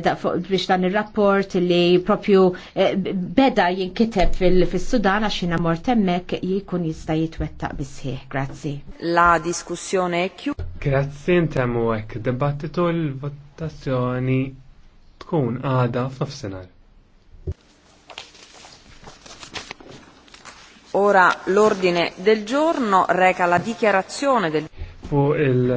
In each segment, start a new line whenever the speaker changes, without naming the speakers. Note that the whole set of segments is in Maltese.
Eh, biex dan il-rapport li propju eh, beda jinkiteb fil-Sudan għax jina mort emmek jikun jista jitwetta bisħieħ. Grazzi. La diskussjoni ekju.
Grazzi intemmu ek. Debattitu l-votazzjoni tkun għada f'nofsinhar.
Ora l'ordine del giorno reca la dichiarazione del...
Fu il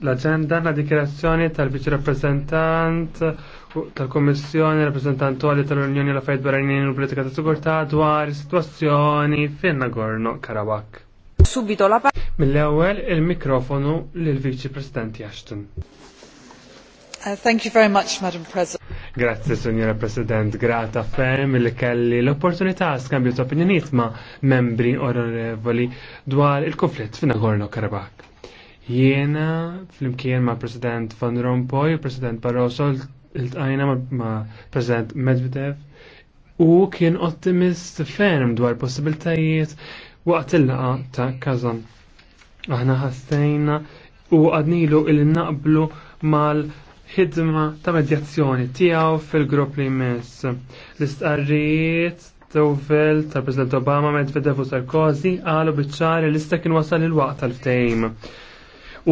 l-agenda la dikjerazzjoni tal-Viċi Rappresentant tal-Kommissjoni Rappresentantuali tal-Unjoni la Fajt Barranin u Politika ta' Sigurtà dwar situazzjoni fin Nagorno Karabakh. Subito la pa. Mill-ewwel il-mikrofonu lil Viċi President Ashton.
Uh, thank you very much, Madam
President. Grazie, Signora President. Grata ferm li kelli l-opportunità skambju ta' opinjoniet ma' membri onorevoli dwar il-konflitt fin Nagorno Karabakh Jiena, flimkien ma' President Van Rompuy, President Barroso, il-tajna ma' President Medvedev, u kien ottimist ferm dwar possibiltajiet waqt il-laqa ta' Kazan. Aħna ħastejna u għadnilu il-naqblu mal-ħidma ta' medjazzjoni tijaw fil-grupp li jmiss. L-istqarrijiet Tewfel tal-President Obama Medvedev u Sarkozy għalu biċċari l istakin kien wasal il-waqt tal-ftejm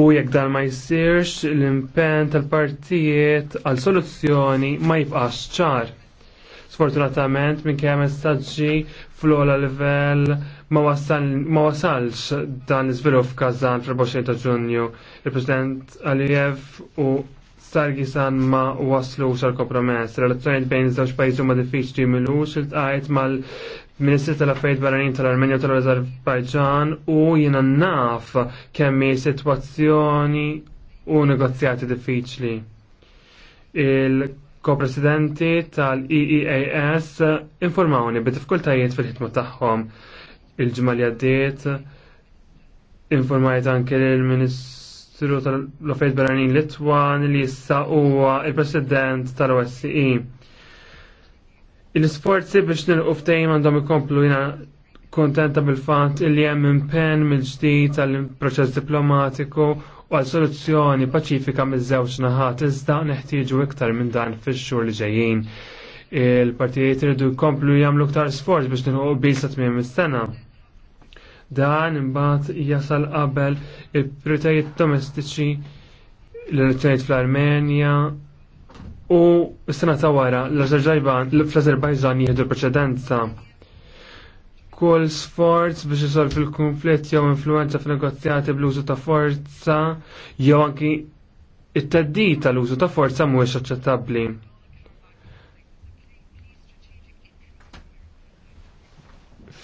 u jekk dan ma jsirx l-impen tal-partijiet għal soluzzjoni ma jibqax ċar. Sfortunatament minn kemm messaġġi fl-ola livell ma wasalx dan l-iżvilupp f'Kazan fil 24 ta' Ġunju. Il-President Aliyev u sar gisan ma waslu sar kompromess. Relazzjoniet bejn iż-żewġ pajjiżi huma diffiċli milux il-tqajt mal-Ministri tal-Affarijiet Barranin tal-Armenja u tal-Azerbajġan u jiena naf kemm hi sitwazzjoni u negozjati diffiċli. Il-ko-presidenti tal-EEAS informawni bit-diffikultajiet fil-ħitmu tagħhom il-ġimgħa li għaddiet informajt anke il-Ministru Siru tal-Lofejt Beranin Litwan li jissa huwa il-President tal-OSCE. Il-sforzi biex nilqu ftejn għandhom ikomplu jina kontenta bil-fatt li hemm impenn mill-ġdid tal-proċess diplomatiku u għal soluzzjoni paċifika miż-żewġ naħat iżda neħtieġu iktar minn dan fix-xhur li ġejjin. Il-partijiet iridu jkomplu jagħmlu iktar sforz biex nilqu qbil sa tmiem is-sena. Dan imbagħad jasal qabel il pritajiet domestiċi l-elezzjonijiet fl-Armenja u s-sena ta' wara l-Azerbajġan jieħdu preċedenza kull sforz biex isol fil konflitt jew influenza f'negozjati bl-użu ta' forza jew anki it-teddid tal-użu ta' forza mhuwiex aċċettabbli.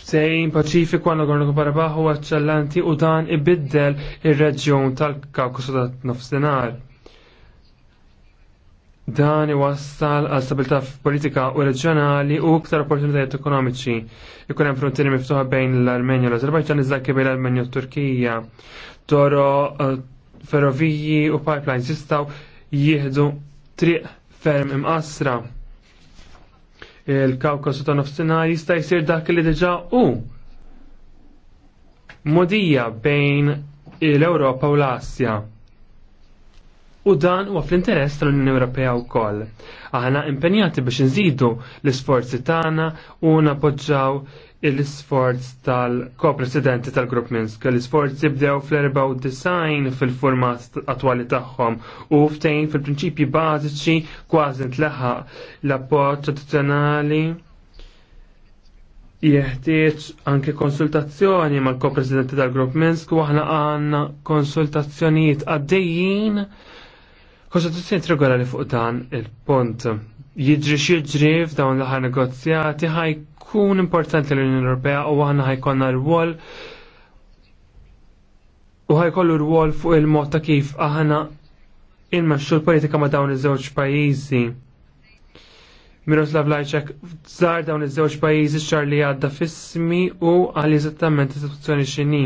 ftejn paċifiku għanna għornu barabaħu eccellenti u dan ibiddel ir-reġjun tal ta' nofsinhar. Dan iwassal għal stabilità politika u reġjonali u iktar opportunitajiet ekonomiċi. Ikun hemm frontieri miftuħa bejn l-Armenja u l-Azerbajġan iżda kibel l-Armenja u Turkija. Toro eh, ferroviji u pipelines jistgħu jieħdu triq ferm imqasra il-Kawkasu ta' nofsinhar jista' jsir dak li diġà hu modija bejn l-Ewropa u l-Asja u dan huwa fl-interess tal-Unjoni Ewropea wkoll. Aħna impenjati biex nżidu l-isforzi tagħna u napoġġaw l-isforz tal-ko-presidenti tal-Grupp Minsk. L-isforzi bdew fl-94 fil-format attwali tagħhom u ftejn fil-prinċipji bażiċi kważi ntleħaq l-appoġġ tradizzjonali jeħtieġ anke konsultazzjoni mal-ko-presidenti tal-Grupp Minsk u aħna għandna konsultazzjonijiet għaddejjin Kostituzzjoni li fuq dan il-punt jidri xidri f'dawn l-ħar negozjati ħajkun importanti l-Unjoni Ewropea u għanna ħajkonna l wol u ħajkollu l wol fuq il-mod ta' kif aħna il-maxxu l-politika ma' dawn iż-żewġ pajjiżi. Miroslav Lajċek żar dawn iż-żewġ pajjiżi xar li għadda fissmi u għal eżattament istituzzjoni x'inhi.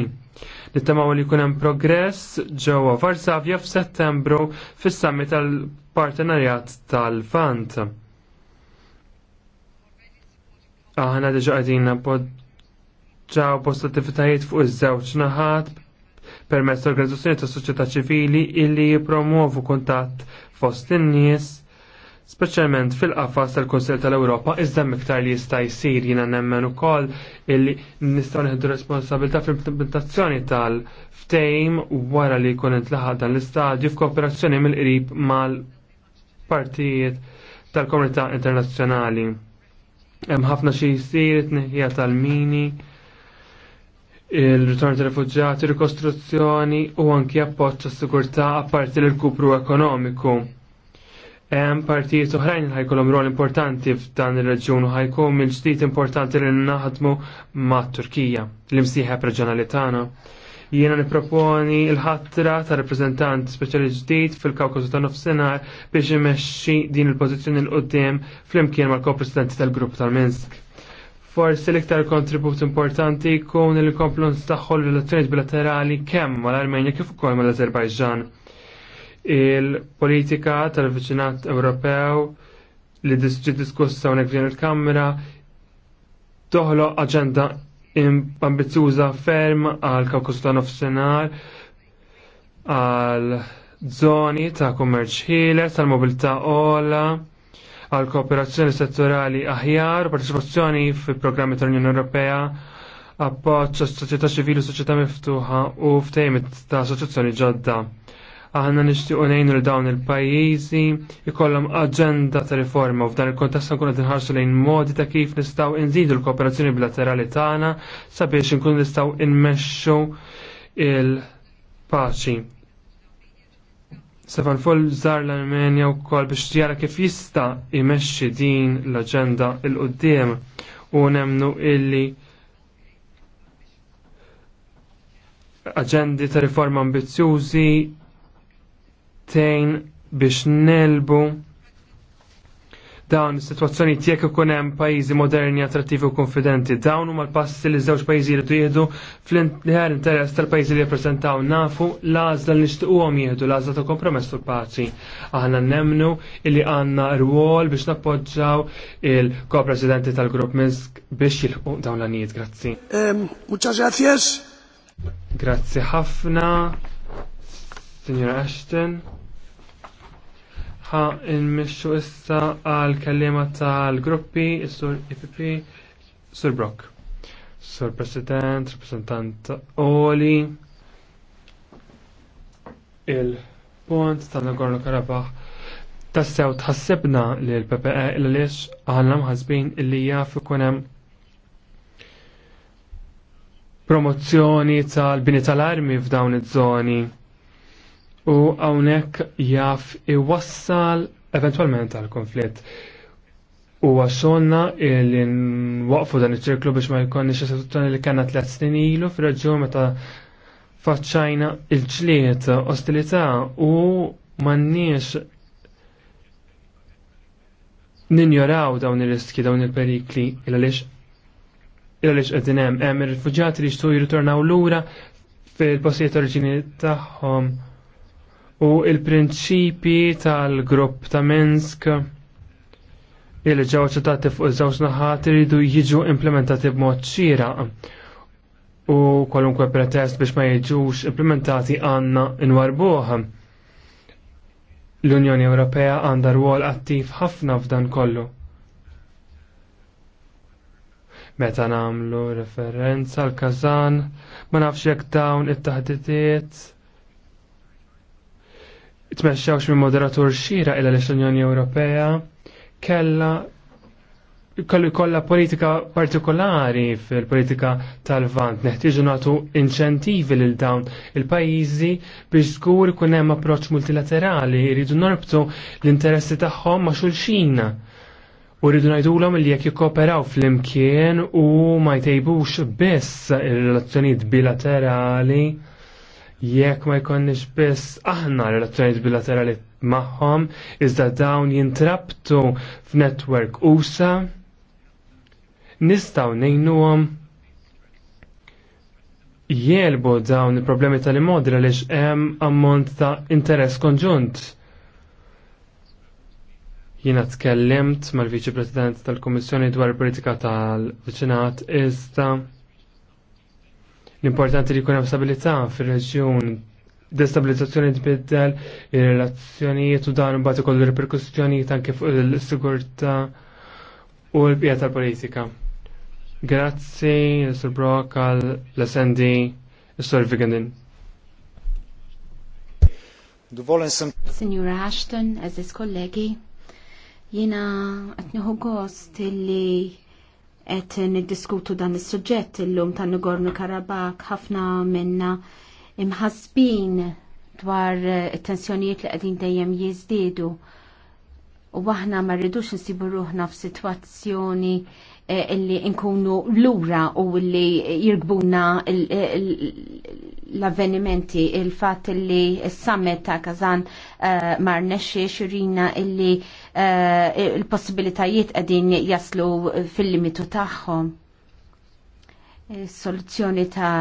Nittamaw li kunem progress ġewwa Varsavja f'Settembru fis-summit tal-Partenarjat tal-Fant. Aħna diġa qegħdin ġaw post attivitajiet fuq iż-żewġ naħat permezz organizzazzjoni ta' soċjetà ċivili illi jipromuovu kuntatt fost in-nies speċjalment fil-qafas tal-Kunsill tal-Ewropa iżda miktar li jista' jsir jiena nemmen ukoll illi nistgħu neħdu responsabilità fl-implementazzjoni tal-ftejm wara li jkun intlaħaq dan l-istadju f'kooperazzjoni mill-qrib mal-partijiet tal-komunità internazzjonali. Hemm ħafna xi jsir it tnejja tal-mini, il-ritorn tal rifuġġjati rikostruzzjoni u anki appoġġ għas-sigurtà apparti l kupru ekonomiku Hemm partijiet oħrajn li ħajkolhom rol importanti f'dan ir-reġjun u ħajkun mill-ġdid importanti li naħdmu mat Turkija, li imsieħeb reġjonali tagħna. Jiena nipproponi l-ħatra ta' rappreżentant speċjali ġdid fil-Kawkażu ta' nofsinhar biex imexxi din il-pożizzjoni l qudiem flimkien mal-ko-presidenti tal-grupp tal-Minsk. Forsi l-iktar kontribut importanti jkun il komplu nstaħħu l-relazzjonijiet bilaterali kemm mal-Armenja kif ukoll mal-Azerbajġan il-politika tal-viċinat Ewropew li ġi diskussa unek f'din il-Kamra toħloq aġenda ambizzuża ferm għal kawkus ta' nofsinhar għal zoni ta' kummerċ ħieles, tal mobilità ola, għal kooperazzjoni settorali aħjar, partecipazzjoni fi programmi tal-Unjoni Ewropea, appoġġ soċjetà ċivili u soċjetà miftuħa u ftejmit ta' assoċjazzjoni ġodda aħna nixtiequ ngħinu li dawn il-pajjiżi jkollhom aġenda ta' riforma u f'dan il-kontest nkunu qed inħarsu lejn modi ta' kif nistgħu nżidu l-kooperazzjoni bilaterali tagħna sabiex inkunu nistgħu nmexxu il-paċi. Stefan Foll żar l-Armenja wkoll biex jara kif jista' jmexxi din l-aġenda il-qudiem u nemnu illi aġendi ta' riforma ambizjużi tejn biex nelbu dawn is-sitwazzjoni tiegħek ikun hemm pajjiżi moderni attrattivi u konfidenti. Dawn huma l-passi li żewġ pajjiżi jridu jieħdu fl-ħar interess tal-pajjiżi li jippreżentaw nafu l-għażla li nixtiequhom jieħdu l-għażla ta' kompromess u paċi. Aħna nemnu illi għandna rwol biex nappoġġaw il-ko-presidenti tal-grupp Minsk biex jilħu dawn l-għanijiet. Grazzi. Muchas gracias. Grazzi ħafna, Signora Ashton ħa nmixxu issa għal kellima tal-gruppi, sur IPP, e sur Brock. Sur President, Representant Oli, il punt tal-Nagorno Karabah tassew tħassibna li l-PPE l-lix għalna mħazbin li jafu kunem promozzjoni tal-bini tal-armi f'dawn iż-żoni u għawnek jaf iwassal eventualment għal konflitt. U għaxonna li waqfu dan iċ-ċirklu biex ma jkonni istituzzjoni li kanna tlet snin ilu fil-raġun meta faċċajna il ċliet ostilità u manniex ninjoraw dawn il-riski, dawn il-perikli, il-għalix il-għalix għedinem, għem il-rifugġati li xtu jirritornaw l-ura fil-posijiet oriġini taħħom u il-prinċipi tal-grupp ta' Minsk il ġew ċitati fuq iż-żewġ naħat iridu jiġu implementati b'mod xieraq u kwalunkwe pretest biex ma jiġux implementati għandna inwarbuħ. L-Unjoni Ewropea għandha rwol attiv ħafna f'dan kollu. Meta nagħmlu referenza l-Kazan, ma nafx jekk dawn it taħditiet tmexxewx minn moderatur xira illa l unjoni Ewropea kella kollu kollha politika partikolari fil-politika tal-vant. Neħtieġu nagħtu inċentivi lil dawn il-pajjiżi biex żgur kun hemm approċċ multilaterali jridu norbtu l-interessi tagħhom ma' xulxina. U rridu ngħidulhom li jekk jikkooperaw fl-imkien u ma jtejbux biss ir-relazzjonijiet bilaterali jekk ma jkonniex biss aħna relazzjonijiet bilaterali magħhom, iżda dawn jintrabtu f'netwerk USA, nistgħu ngħinuhom jelbu dawn il-problemi tal-imodri għaliex hemm ammont ta' interess konġunt. Jiena tkellimt mal-Viċi President tal-Kummissjoni dwar il politika tal-Viċinat iżda L-importanti li jkun hemm stabilità fir-reġjun destabilizzazzjoni tbiddel ir-relazzjonijiet u dan imbagħad ikollu reperkussjonijiet anke fuq il-sigurtà u l-bqija tal-politika. Grazzi, Sur Brock, għal l-SND, Sur Vigandin.
Signora Ashton, eżis kollegi, jina għatniħu gost li qed niddiskutu dan is-suġġett illum tan Nagorno Karabakh ħafna minna imħasbin dwar it-tensjonijiet eh, li qegħdin dejjem jiżdiedu u aħna ma rridux nsibu ruħna f'sitwazzjoni eh, illi nkunu lura u illi jirgbuna l-avvenimenti il-fat illi s-summit ta' Kazan eh, mar nesċi xirina illi eh, l possibilitajiet għedin jaslu fil-limitu tagħhom. Soluzzjoni ta'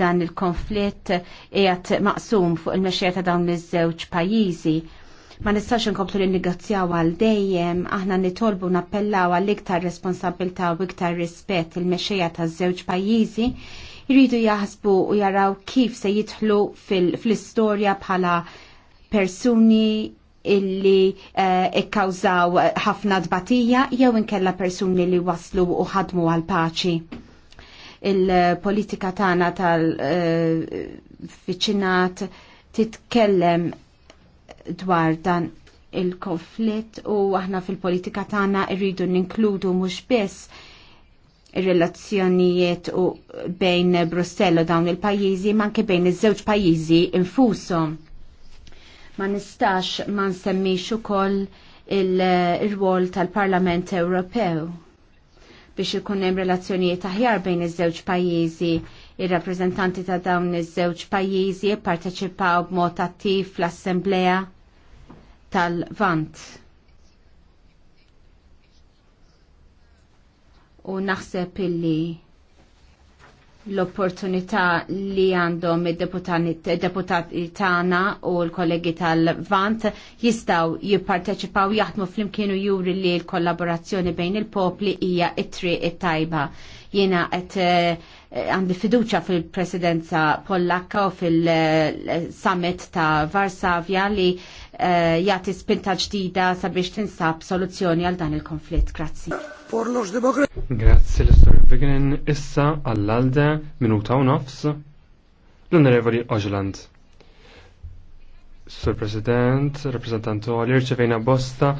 dan il-konflitt qiegħed maqsum fuq il mesċieta ta' dawn iż-żewġ pajjiżi Ma nistax inkomplu li negazzjaw għal dejjem, aħna nitolbu nappellaw għal iktar responsabilta u iktar rispett il-mexxejja taż-żewġ pajjiżi jridu jaħsbu u jaraw kif se jidħlu fl-istorja bħala persuni illi eh, ikkawżaw uh, ħafna dbatija jew inkella persuni li waslu u ħadmu għal paċi. Il-politika tagħna tal-viċinat eh, uh, titkellem dwar dan il-konflitt u aħna fil-politika tagħna rridu ninkludu mhux biss ir-relazzjonijiet u bejn Brussell u dawn il-pajjiżi ma anke bejn iż-żewġ pajjiżi infushom. Ma nistax ma nsemmix ukoll il-rwol tal-Parlament Ewropew biex ikun hemm relazzjonijiet aħjar bejn iż-żewġ pajjiżi Ir-rappreżentanti ta' dawn iż-żewġ pajjiżi pparteċipaw b'mod attiv fl-Assembleja tal-Vant. U naħseb illi l-opportunità li għandhom id-deputati tagħna u l-kollegi tal-Vant jistgħu jipparteċipaw jaħdmu flimkien u juri li l-kollaborazzjoni bejn il-popli hija it-triq it-tajba. Jiena qed eh, għandi fiduċa fil-presidenza Pollakka u fil-summit ta' Varsavja li eh, jagħti spinta ġdida sabiex tinsab soluzzjoni għal dan il-konflitt. Grazzi.
Grazzi l-Istor Vignen, issa għall-alde minuta u nofs l-Onorevoli Oġland. Sur President, rappresentantu għal irċevejna bosta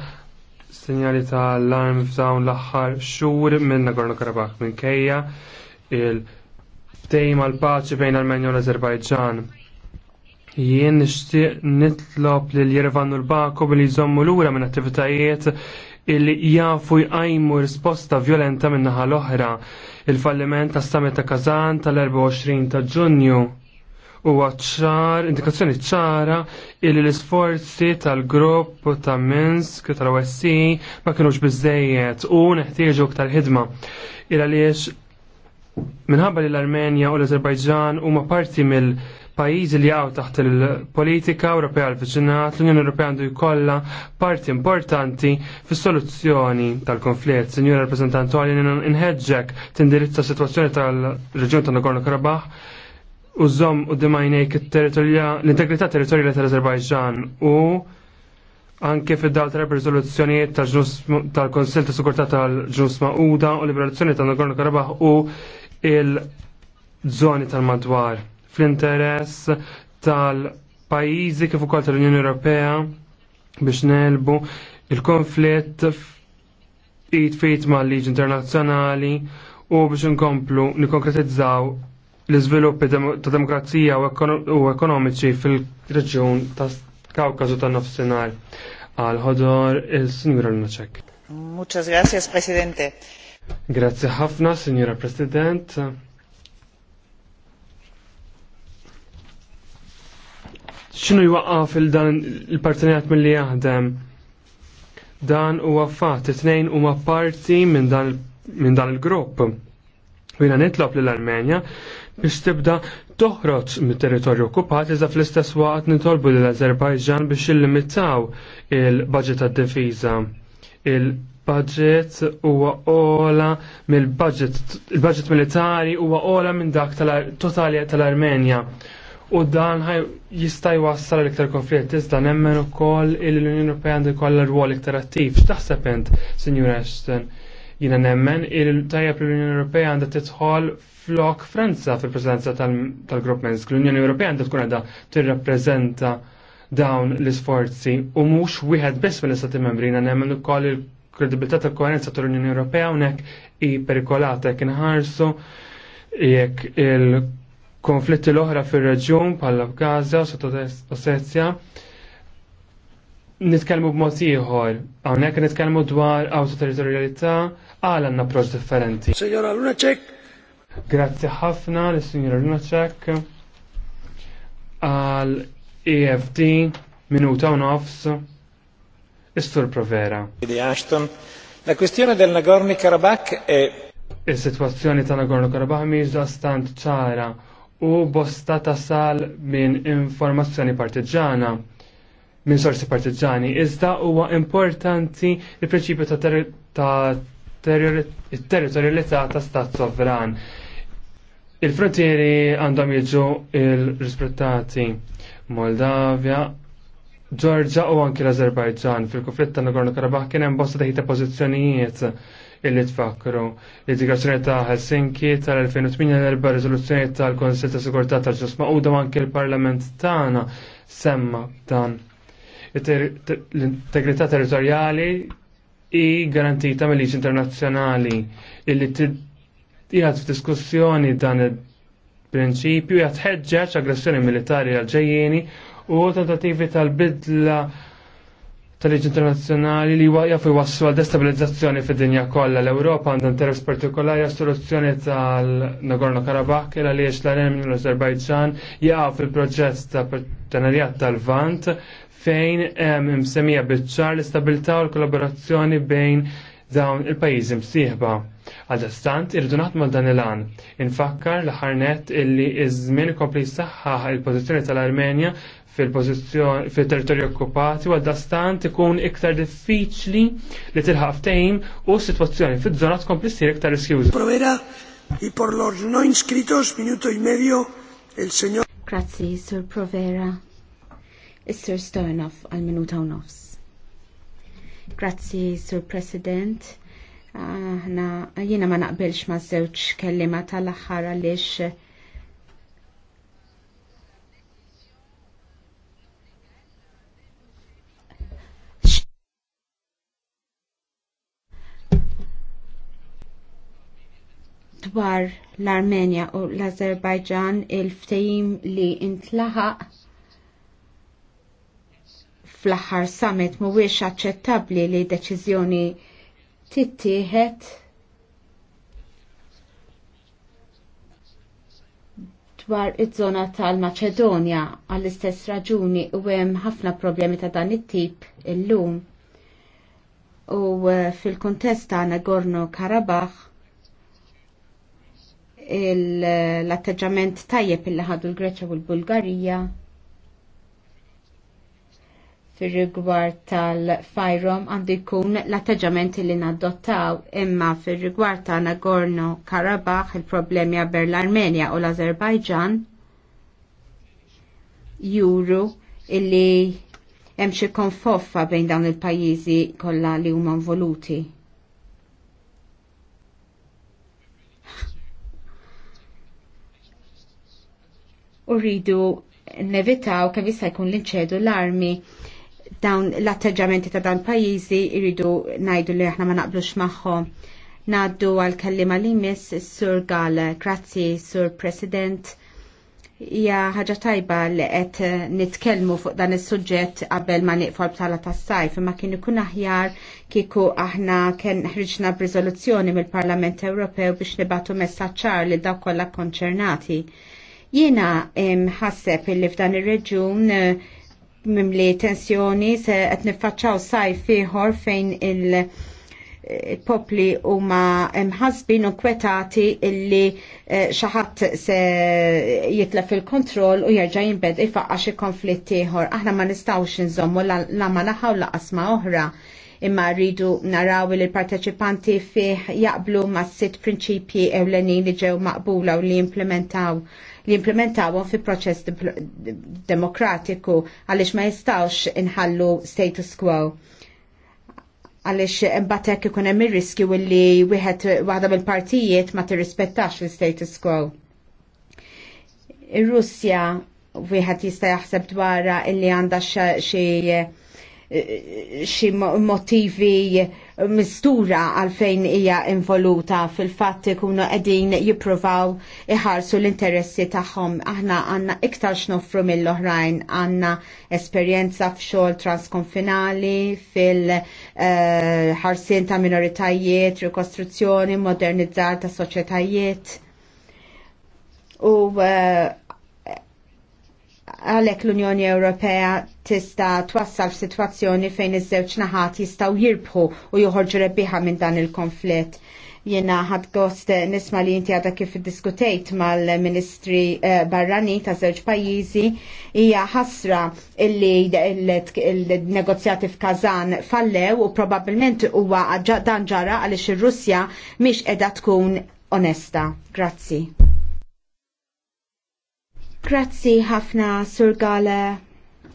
sinjali ta' l-arm f'dawn l-aħħar xhur minn Nagorno Karabakh minn kejja il-ftejm għal paċi bejn Armenja u l-Azerbajġan. Jien nixtieq nitlob lil Jervan u l-Baku billi jżommu lura minn attivitajiet illi jafu jqajmu risposta violenta minnaħa l-oħra. Il-falliment ta' summit ta' Kazan tal-24 ta' Ġunju u ċar, indikazzjoni ċara illi l-isforzi tal-grupp ta' Minsk tal osi ma kienuġ bizzejiet u neħtieġu ktar ħidma. Il għaliex minħabba li l-Armenja u l-Azerbajġan huma parti mill- pajjiżi li għaw taħt il-politika Ewropea l-viċinat, l-Unjoni Ewropea għandu jkollha parti importanti fis-soluzzjoni tal-konflitt. Sinjur rappresentant għalin inħeġġek tindirizza situazzjoni tal-reġjun ta' Nagorno Karabakh u żomm u dimajnejk l-integrità territorjali tal-Azerbajġan u anke fid-dawl tal riżoluzzjonijiet tal-Konsil ta' Sigurtà tal-Ġnus Mauda u liberazzjoni ta' Nagorno Karabakh u il-żoni tal-madwar fl-interess tal-pajjiżi kif ukoll tal-Unjoni Ewropea biex nelbu il-konflitt id fit ma' liġi internazzjonali u biex nkomplu nikonkretizzaw l-iżviluppi ta' demokrazija u ekonomiċi fil-reġjun ta' Kaukazu ta' nofsinhar għal ħodor il signora Lunaċek.
Muchas gracias, Presidente.
Grazie ħafna, Signora President. x'inhu jwaqqaf il dan il-partenjat milli jaħdem. Dan huwa fatt it-tnejn huma parti minn dan il-grupp. Jina nitlob lill armenja biex tibda toħroġ mit-territorju okkupat iżda fl-istess waqt nitolbu lill azerbajġan biex illimitaw il-budget tad-difiża. Il-budget huwa ola mill-budget il-budget militari huwa ola minn dak totalja tal armenja U dan jistaj wassal l-iktar konflitt, iżda nemmen ukoll il l-Unjoni Ewropea għandu l rwol iktar attiv. X'taħseb int, Sinjur Ashton? Jiena nemmen il tajjeb l-Unjoni Ewropea għandha tidħol flok Franza fil prezenza tal-Grupp Minsk. L-Unjoni Ewropea għandha tkun għadha tirrappreżenta dawn l-isforzi u mhux wieħed biss mill-istati membri jina nemmen ukoll il-kredibilità tal-koerenza tal-Unjoni Ewropea hawnhekk i perikolata jekk inħarsu jekk il konflitti l-oħra fir-reġjun bħal Gaza u Sotod Ossetja nitkellmu b'mod ieħor, hawnhekk nitkellmu dwar awtoterritorjalità għal għandna approċċ differenti. Signora Lunacek. Grazzi ħafna lis signora Lunacek għal EFD minuta u nofs istur provera. Idi Ashton, la kwestjoni del Nagorno Karabakh è Il-situazzjoni ta' Nagorno Karabakh mhijiex stant ċara u bosta tasal minn informazzjoni partiġana minn sorsi partiġani. Iżda huwa importanti il-prinċipju ta' territorialità ta' stat sovran. Il-frontieri għandhom jiġu il-rispettati. Moldavia, Georgia u anki l-Azerbajġan fil-konflitt ta' Nagorno Karabakh kien hemm bosta ta' pożizzjonijiet illi tfakru. Id-dikrazzjoni ta' Helsinki tal-2008 l-erba Rizoluzzjoni tal-Konsil ta' Sigurtà tal-Ġus Maquda anke l-Parlament tagħna semma dan. L-integrità territorjali i garantita mill-liġi internazzjonali illi jgħat f'diskussjoni dan il-prinċipju jgħat ħedġaċ aggressjoni militari għal għalġejjeni u tentativi tal-bidla tal-liġi internazzjonali li jafu wassu għal destabilizzazzjoni fid-dinja kollha. L-Ewropa għandha interess partikolari għas soluzzjoni tal-Nagorno Karabakh il għaliex l arem minn l-Azerbajġan jaqgħu fil proċess ta' partenarjat tal-Vant fejn hemm imsemmija biċ-ċar l-istabilità u l-kollaborazzjoni bejn dawn il-pajjiżi msieħba. Għal-dastant, irridu naħdmu dan il-għan. Infakkar l-ħarnet illi iż-żmien kompli saħħa il-pożizzjoni tal-Armenja fil-pozizjoni fil-territorju okkupati u għaddastan ikun iktar diffiċli li tilħaf tejn u s-sitwazzjoni fil-żona tkompli ssir iktar riskjuża. Provera
i por los no inscritos minuto i medio il señor Grazzi, Sur Provera. Is-Sur Stojanov għal minuta u nofs. Grazzi, Sur President. Aħna jiena ma naqbilx ma' żewġ kellima tal-aħħar għaliex dwar l-Armenja u l-Azerbajġan il-ftejim li intlaħaq fl-aħħar summit mhuwiex aċċettabbli li deċiżjoni tittieħed dwar iż-żona tal-Maċedonja għall-istess raġuni u hemm ħafna problemi ta' dan it-tip illum. U eh, fil kuntest ta' Nagorno Karabakh l-atteġġament tajjeb illi ħadu l-Greċja u l-Bulgarija fir rigward tal-fajrom għandu jkun l-atteġġament li nadottaw imma fir rigward ta' Nagorno Karabakh il-problemi għaber l-Armenja u l-Azerbajġan juru illi hemm xi konfoffa bejn dawn il-pajjiżi kollha li huma involuti. u rridu nevitaw kemm jista' jkun l-inċedu l-armi dawn l-atteġġamenti ta' dan pajjiżi jridu ngħidu li aħna ma naqblux magħhom. Naddu għal kellima li miss Sur Gale, grazzi Sur President. Ja ħaġa tajba li qed nitkellmu fuq dan is-suġġett qabel ma nieqfu btala tas-sajf imma kien ikun aħjar kieku aħna kien ħriġna b'riżoluzzjoni mill-Parlament Ewropew biex nibatu messaċċar li dawk kollha konċernati Jiena ħasseb illi f'dan ir-reġjun eh, mimli tensjoni se qed niffaċċaw saj fieħor fejn il- eh, popli huma mħasbin u kwetati illi eh, xaħat se jitlef fil kontroll u jerġa' jinbed ifaqqa xie konflitt ieħor. Aħna ma nistgħux inżommu la ma naħaw laqas ma oħra imma rridu naraw li l-parteċipanti fih jaqblu ma' sitt prinċipji ewlenin li ġew maqbula u li implementaw li implementawhom fi proċess demokratiku għaliex ma jistawx inħallu status quo għalix imbatek ikun hemm ir-riskju li wieħed waħda mill-partijiet ma tirrispettax l-status quo. Ir-Russja wieħed jista' jaħseb dwarha illi għandha xi xi motivi mistura għalfejn hija involuta fil-fatt ikunu qegħdin jippruvaw iħarsu l-interessi tagħhom. Aħna għandna iktar xnofru mill-oħrajn għandna esperjenza f'xogħol transkonfinali fil-ħarsien eh, ta' minoritajiet, rikostruzzjoni, modernizzar ta' soċjetajiet. U eh, għalek l-Unjoni Ewropea tista twassal f'sitwazzjoni fejn iż-żewġ naħat jistgħu jirbħu u joħorġu rebbieħa minn dan il-konflitt. Jiena ħad gost nisma li inti għada kif diskutejt mal-Ministri eh, Barrani ta' żewġ pajjiżi hija ħasra illi il-negozjati f'Kazan fallew u probabbilment huwa dan ġara għaliex ir-Russja mhix qiegħda tkun onesta. Grazzi. Grazzi ħafna Sur Gale.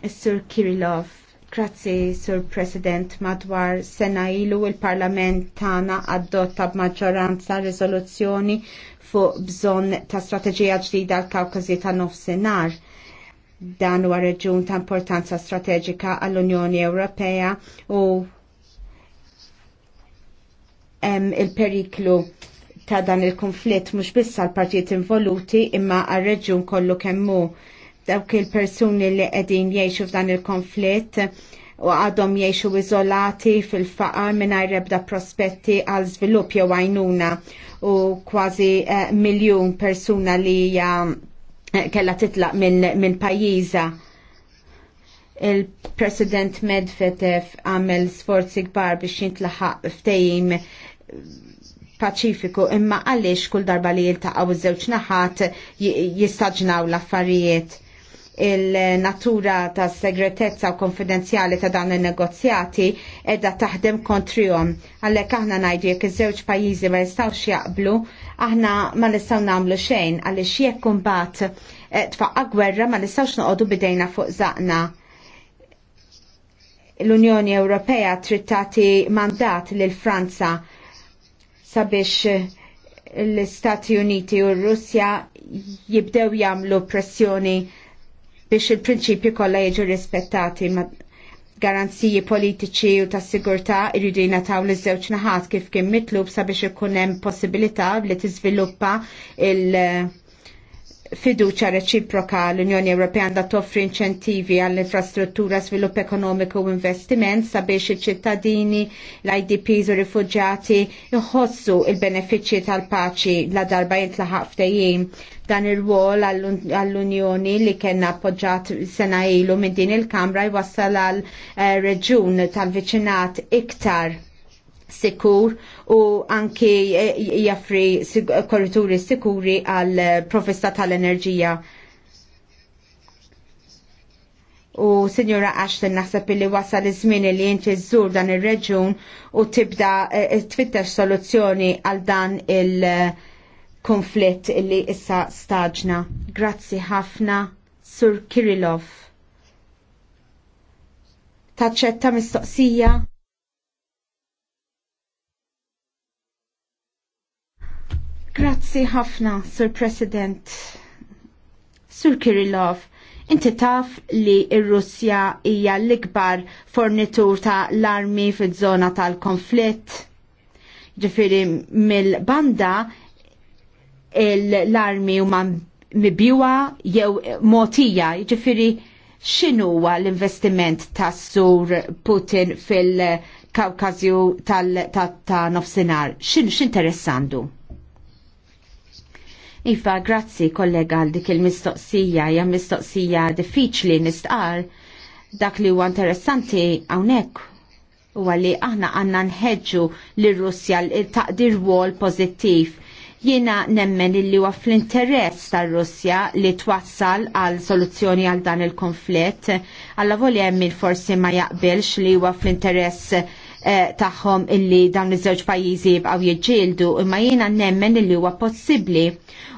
Sir sur Kirillov. Grazzi, Sur President, madwar sena ilu il-Parlament tana adotta b'maġġoranza riżoluzzjoni fuq bżonn ta' strateġija ġdida l-Kawkazi ta' nofsinhar dan huwa reġun ta' importanza strateġika għall-Unjoni Ewropea u il-periklu ta' dan il-konflitt mhux biss għall partijiet involuti imma għal reġjun kollu kemm hu dawk il-persuni li qegħdin jgħixu f'dan il-konflitt u għadhom jgħixu iżolati fil-faqar mingħajr ebda prospetti għal żvilupp jew għajnuna u kważi uh, miljun persuna li hija eh, kella titlaq minn min pajjiża il-President Medvedev għamel sforzi kbar biex jintlaħaq ftejim paċifiku imma għaliex kull darba li jiltaqgħu iż-żewġ naħat jistaġnaw l-affarijiet il-natura ta' segretezza u konfidenzjali ta' dan il-negozjati edda taħdem kontrihom. Għallek aħna najdu jekk iż-żewġ pajjiżi ma jistgħux jaqblu, aħna ma nistgħu nagħmlu xejn għaliex jekk imbagħad eh, tfaqqa gwerra ma nistgħux noqogħdu bidejna fuq zaqna l-Unjoni Ewropea trid tagħti mandat lil Franza sabiex eh, l-Istati Uniti u r-Russja jibdew jagħmlu pressjoni biex il-prinċipji kollha jiġu rispettati ma garanziji politiċi u ta' sigurtà irridu jingħataw l żewġ naħat kif kien mitlub sabiex ikun hemm possibilità li tiżviluppa il- fiduċa reċiproka l-Unjoni Ewropea għandha toffri inċentivi għall-infrastruttura, svilupp ekonomiku u investiment sabiex iċ-ċittadini, l-IDPs u rifugjati jħossu il-benefiċċji tal-paċi la darba jintlaħaq ftejjim dan ir-wol għall-Unjoni li kena appoġġat sena ilu minn din il-Kamra jwassal għal eh, reġun tal-viċinat iktar sikur u anki eh, jaffri korrituri sikuri għal eh, professa tal-enerġija. U Signora Ashton naħseb li wasal iż-żmien li inti żżur dan ir-reġun u tibda eh, tfittex soluzzjoni għal dan il-konflitt li issa staġna. Grazzi ħafna, Sur Kirillov. Taċċetta mistoqsija? Grazzi ħafna, Sir President. Sur Kirillov, inti taf li r-Russja hija l-ikbar fornitur ta' l-armi fiż-żona tal-konflitt. Ġifieri mill-banda l-armi huma mibjuwa jew motija, Ġifiri x'inhuwa l-investiment tas sur Putin fil-Kawkazju tal-nofsinhar? interessandu? Iva, grazzi kollega għal dik il-mistoqsija, hija mistoqsija diffiċli nistqal, Dak li huwa interessanti hawnhekk u għalli aħna għanna nħedġu l-Russja l-taqdir wol pożittiv. Jiena nemmen illi huwa fl-interess tal-Russja li twassal għal soluzzjoni għal dan il-konflitt, għalla voli hemm forsi ma jaqbilx li huwa fl-interess Eh, tagħhom illi dawn iż-żewġ pajjiżi jibqgħu jiġġieldu imma jiena nemmen illi huwa possibbli.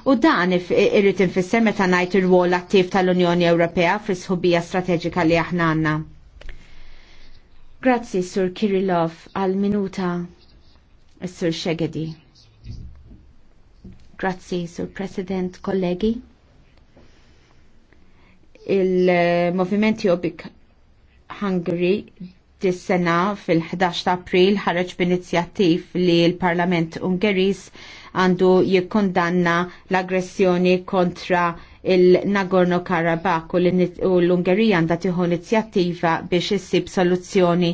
U dan irrid infisser meta ngħid ir-rwol attiv tal-Unjoni Ewropea fis-sħubija strateġika li aħna għandna. Grazzi Sur Kirillov għal minuta Sur Shegedi. Grazzi Sur President, kollegi il-movimenti Obik Hungary tis sena fil-11 ta' April ħareġ b'inizjattiv li l-Parlament Ungeris għandu jikkondanna l-aggressjoni kontra il-Nagorno Karabakh u l-Ungerija għandha tieħu inizjattiva biex issib soluzzjoni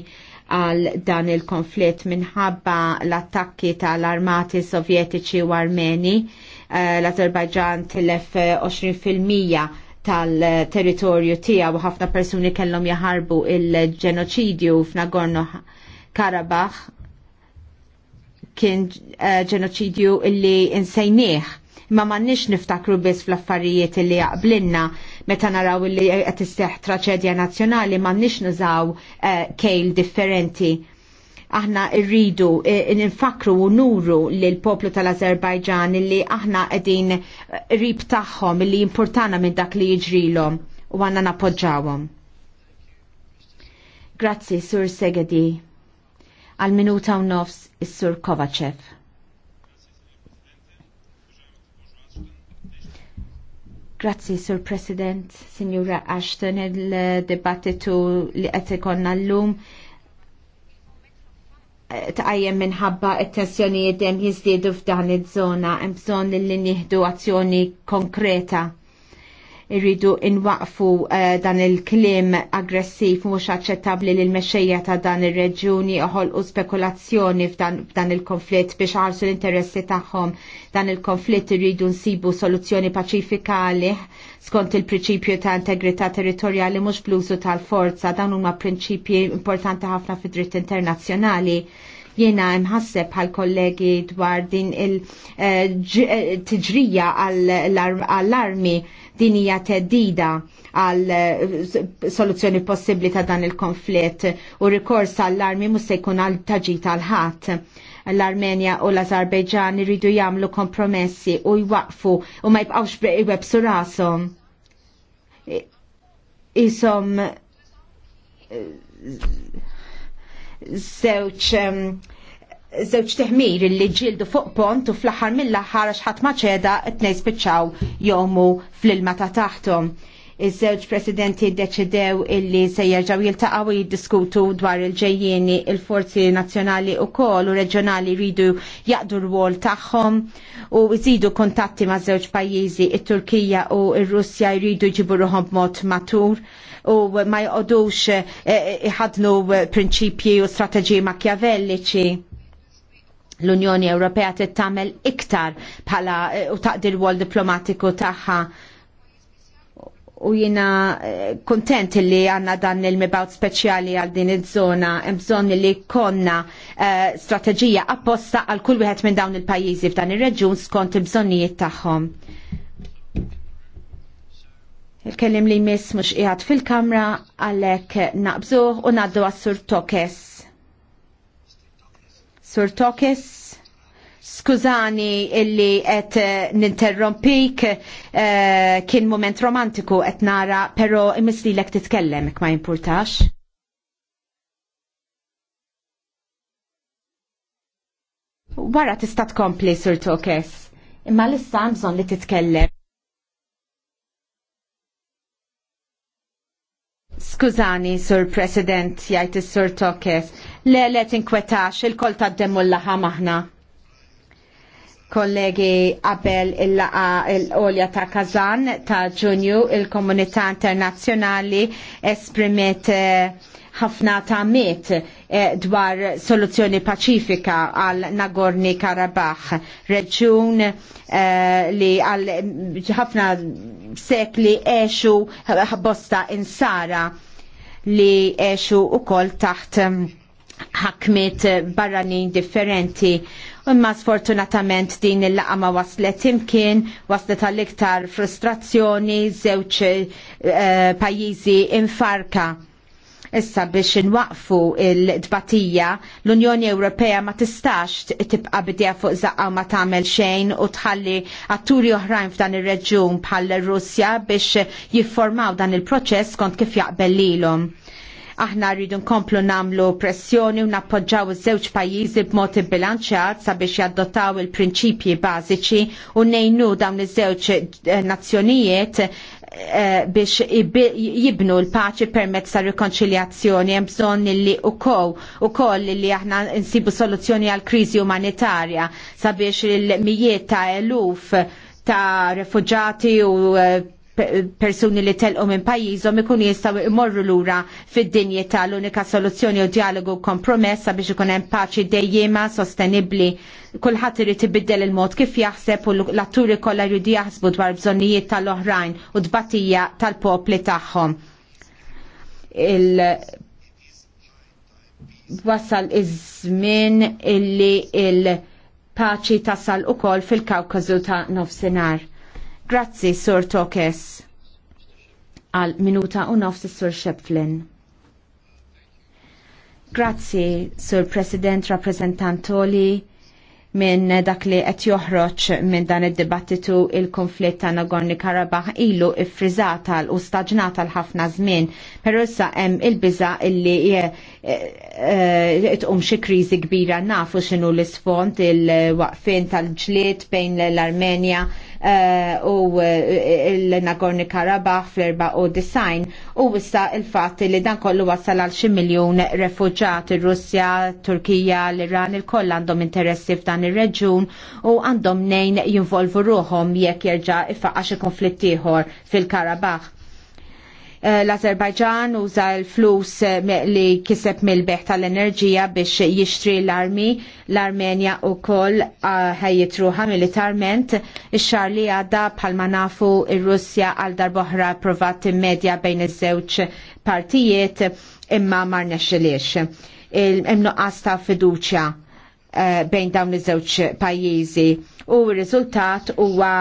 għal dan il-konflitt minħabba l-attakki tal-armati sovjetiċi u armeni eh, l-Azerbajġan tilef eh, 20% tal-territorju tiegħu ħafna persuni kellhom jaħarbu il-ġenoċidju f'Nagorno Karabakh kien eh, ġenoċidju illi insejnieħ imma m'għandniex niftakru biss fl-affarijiet illi jaqblinna meta naraw illi qed isseħħ traċedja nazzjonali m'għandniex nużaw eh, kejl differenti Aħna rridu eh, ninfakru u nuru lil poplu tal-Azerbajġan li aħna qegħdin eh, rib tagħhom li importana minn dak li jiġrilhom u għandna nappoġġawhom. Grazzi, Sur Segedi. Għal-minuta u nofs, is-Sur Kovacev. Grazzi, Sur President, Signora Ashton, il-dibattitu li qed ikonna llum tqajjem minħabba t-tensjonijiet hemm jiżdiedu f'dan iż-żona hemm bżonn li nieħdu azzjoni konkreta irridu inwaqfu uh, dan il-klim aggressiv mhux aċċettabbli lil mexxejja ta' dan ir-reġjuni oħolqu spekulazzjoni f'dan il-konflitt biex ħarsu l-interessi tagħhom. Dan il-konflitt irridu nsibu soluzzjoni paċifika għalih skont il-prinċipju ta' integrità territorjali mhux bluzu tal-forza dan huma prinċipji importanti ħafna fid-dritt internazzjonali jena imħasseb għal kollegi dwar din il-tġrija eh, eh, għall-armi Din hija teddida għal eh, soluzzjoni possibbli ta' dan il-konflitt u rikors għall-armi mhux se jkun għal taġit għal ħadd l-Armenja u l-Azerbejġan iridu jagħmlu kompromessi u jwaqfu u ma jibqgħux iweb rashom Isom eh, zewċ żewġ teħmir li ġildu fuq pont u fl-aħħar mill-aħħar għax ħadd maċeda t-tnejn spiċċaw jomu fl-ilma ta' taħtom. Iż-żewġ presidenti deċidew illi se jerġgħu jiltaqgħu jiddiskutu dwar il-ġejjieni il-forzi nazzjonali u kol u reġjonali jridu jaqdu r-wol tagħhom u jżidu kontatti ma' żewġ pajjiżi it-Turkija u r-Russja jridu jġibu ruħhom b'mod matur u ma jqodux eh, iħadnu prinċipji u strateġiji makjavelliċi l-Unjoni Ewropea tittamel iktar bħala eh, u taqdil wol diplomatiku tagħha u jina eh, kontent li għanna dan il-mibawt speċjali għal din iż-żona, bżonn li konna uh, eh, strategija apposta għal kull wieħed minn dawn il-pajjiżi f'dan ir-reġjun skont il-bżonnijiet tagħhom. Il-kellim li miss mhux qiegħed fil-kamra għalhekk naqbżuh u naddu sur tokes. Sur Tokis, skużani illi qed eh, ninterrompik eh, kien moment romantiku qed nara, però imislilek titkellem ma jimpurtax. Wara tista' tkompli Sur Tokis, imma lissa bżonn li titkellem. Skużani, Sur President, jgħid is-Sur Tokes le le tinkwetax il-kol ta' demmu l-laħa maħna. Kollegi qabel il-laqa l-olja ta' Kazan ta' ġunju il-komunità internazzjonali esprimet eh, ħafna ta' miet eh, dwar soluzzjoni paċifika għal Nagorni Karabakh, reġun eh, li għal ħafna sekli eċu bosta insara li eċu u kol taħt ħakmit barranin differenti. Imma sfortunatament din il laqgħa ma waslet imkien, waslet għall-iktar frustrazzjoni, żewġ eh, pajjiżi infarka. Issa biex inwaqfu il-dbatija, l-Unjoni Ewropea ma tistax tibqa bidja fuq zaqqa ma tagħmel xejn u tħalli atturi oħrajn f'dan ir-reġjun bħal Russja biex jiffurmaw dan il-proċess kont kif jaqbel lilhom Aħna rridu nkomplu namlu pressjoni u nappoġġaw iż-żewġ pajjiżi b'mod ibbilanċjat sabiex jaddottaw il-prinċipji bażiċi u nejnu dawn iż-żewġ eh, nazzjonijiet eh, biex jibnu l-paċi permezz ta' rikonċiljazzjoni hemm bżonn li ukoll ukoll li aħna nsibu soluzzjoni għal kriżi umanitarja sabiex il-mijiet ta' eluf ta' refuġati u eh, persuni li telqu minn pajjiżhom ikunu jistgħu imorru lura fid-dinjità l-unika soluzzjoni u dialogu kompromessa biex ikun hemm paċi dejjema sostenibbli. Kulħadd irid ibiddel il-mod kif jaħseb u l-atturi kollha jridu jaħsbu dwar bżonnijiet tal-oħrajn u tbatija tal-popli tagħhom. Il wasal iż-żmien illi il-paċi tasal ukoll fil-Kawkażu ta' nofsinhar Grazzi, Sur Tokes. Għal minuta u nofs Sur Sheplin. Grazzi, Sur President Rappresentantoli, minn dak li qed joħroġ minn dan id-dibattitu il-konflitt ta' Nagorni Karabakh ilu iffriżata u staġnata l-ħafna żmien, però issa hemm il-biża illi eh, eh, tqum xi kriżi kbira nafu x'inhu l-isfond il-waqfien tal-ġlied bejn l-Armenja Eh, u eh, l-Nagorni Karabakh fl-erba u design u wissa il-fat li dan kollu wasal għal xi miljon refugġat ir-Russja, Turkija, l-Iran il-koll għandhom interessi f'dan ir-reġun u għandhom nejn jinvolvu ruħom jekk jerġa' xi konflitt ieħor fil-Karabakh Eh, L-Azerbajġan uża l-flus eh, li kiseb mill-beħ tal-enerġija biex jixtri l-armi l-Armenja u koll eh, ħajjit ruħa militarment. Ix-xar li għadda bħalma nafu il russja għal darboħra provat medja bejn iż-żewġ partijiet imma marnex nexxiliex. Il-imnuqqas ta' fiduċja bejn dawn iż-żewġ pajjiżi u r-riżultat huwa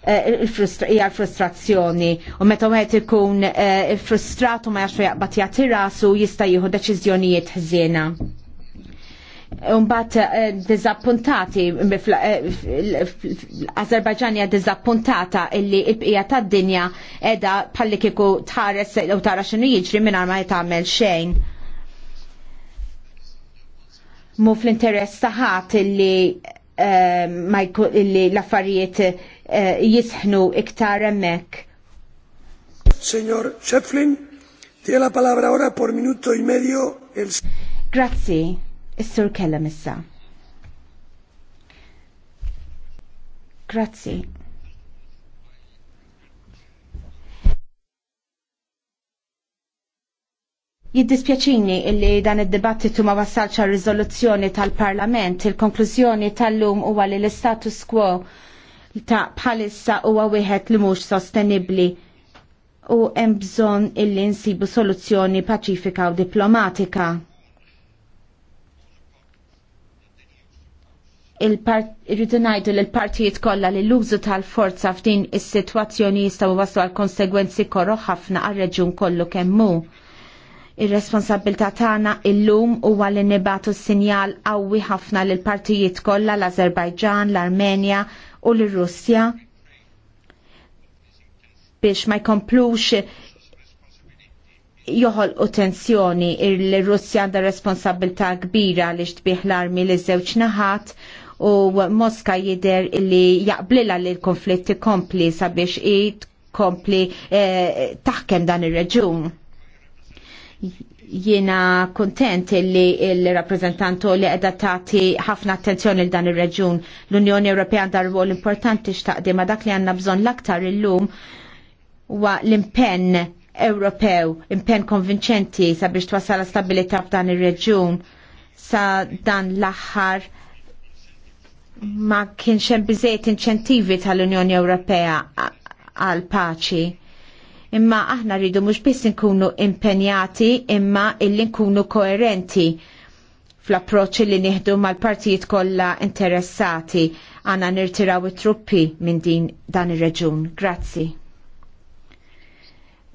Eh, il frustrazzjoni u meta wieħed ikun eh, frustrat u ma jaxu jaqbad jagħti rasu jista' jieħu deċiżjonijiet ħżiena. Umbat eh, dizappuntati, l hija dizappuntata illi il-bqija ta' dinja edha palli kiku tħares u tara xinu jiġri minn ma tagħmel xejn. Mu fl-interess taħat illi ma l-affarijiet Eh, jisħnu iktar hemmhekk.
Signor Shefflin, ti la palabra ora por minuto y medio el...
Grazzi, is-sur kellem issa. Grazzi. Jiddispjaċini illi dan id-dibattitu ma wassalx għal riżoluzzjoni tal-Parlament, il-konklużjoni tal-lum huwa li l-status quo ta' bħalissa huwa wieħed li mhux sostenibbli u hemm bżonn illi nsibu soluzzjoni paċifika u diplomatika. irridu ngħidu li l-partijiet kollha li l-użu tal-forza f'din is-sitwazzjoni jistgħu waslu għal konsegwenzi korro ħafna għar-reġjun kollu kemm hu. Ir-responsabilità tagħna illum huwa li nibatu sinjal qawwi ħafna lill partijiet kollha l-Azerbajġan, l-Armenja, u l-Russja biex ma jkomplux joħol u tensjoni il-Russja għandha responsabilità kbira li xtbieħ l-armi li żewġ naħat u Moska jider li jaqblila li l-konflitti kompli sabiex i kompli eh, taħkem dan ir-reġun jiena kontent li il-rappresentantu li edha tati ħafna attenzjoni l dan il-reġun. L-Unjoni Ewropea għandha rwol importanti xtaqdi ma dak li għandna bżonn l-aktar illum wa l-impenn Ewropew, impenn konvinċenti sabiex twassal stabilità f'dan ir reġun sa dan l-aħħar ma kienx hemm biżejjed inċentivi tal-Unjoni Ewropea għal paċi Imma aħna rridu mhux biss nkunu impenjati imma illi nkunu koerenti fl-approċċ li nieħdu mal-partijiet kollha interessati għandna nirtiraw it-truppi minn din dan ir-reġun. Grazzi.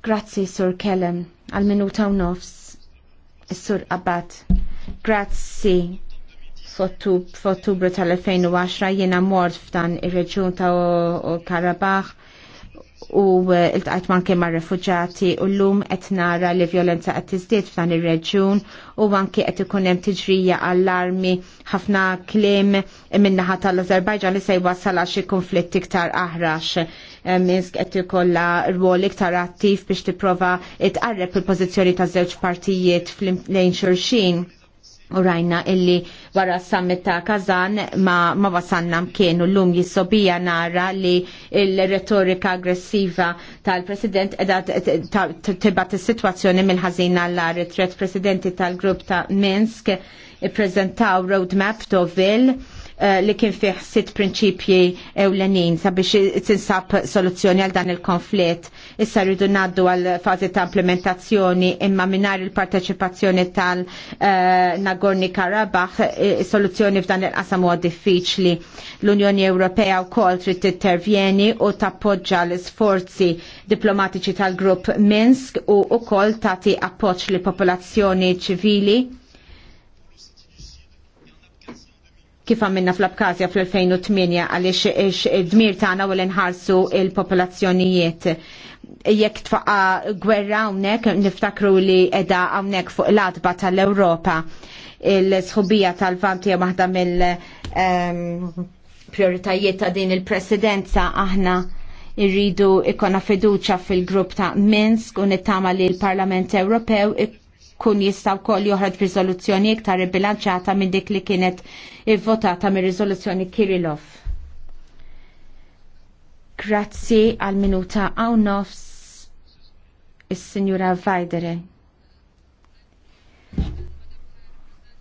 Grazzi, Sur Kellem, għal minuta u nofs. Sur Abad, grazzi f'Ottubru tal-2010 jiena mort f'dan ir-reġun ta' Karabakh u eh, il-tqajt manke ma' refugġati u l-lum qed nara li violenza qed tiżdied f'dan ir-reġjun u anke qed ikun hemm tiġrija allarmi ħafna kliem min-naħa tal-Azerbajġan li se jwassal għal xi konflitti iktar aħrax. Eh, Minsk qed ikollha rwol iktar attiv biex tipprova tqarreb il-pożizzjoni taż-żewġ partijiet fl-lejn xulxin U rajna illi wara s-summit ta' Kazan ma, ma wasanna mkienu l-lum jissobija nara li il-retorika aggressiva tal-president edha tibat il-situazzjoni mill ħazina l it-tret presidenti tal-grupp ta' Minsk i-prezentaw roadmap f'Deauville Eh, li kien fih sitt prinċipji ewlenin sabiex tinsab soluzzjoni għal dan il-konflitt. Issa rridu naddu għal fażi ta' implementazzjoni imma minar il-parteċipazzjoni tal-Nagorni eh, Karabakh eh, soluzzjoni f'dan il-qasam huwa diffiċli. L-Unjoni Ewropea wkoll trid tittervjeni u tappoġġa l-isforzi diplomatiċi tal-grupp Minsk u wkoll tagħti appoġġ lill popolazzjoni ċivili kif għamilna fl-Abkazja fl-2008 għaliex id-dmir tagħna u l-inħarsu il-popolazzjonijiet. Jekk tfaqa gwerra hawnhekk niftakru li edha hawnhekk fuq l-adba tal-Ewropa il-sħubija tal-vanti waħda mill ehm, prioritajiet ta' din il-presidenza aħna irridu ikona fiduċa fil-grupp ta' Minsk u nittama li l-Parlament Ewropew kun jistaw kol joħraġ rizoluzzjoni iktar bilanċata minn dik li kienet votata minn rizoluzzjoni Kirillov. Grazzi għal minuta għaw nofs il-Sinjura Vajdere.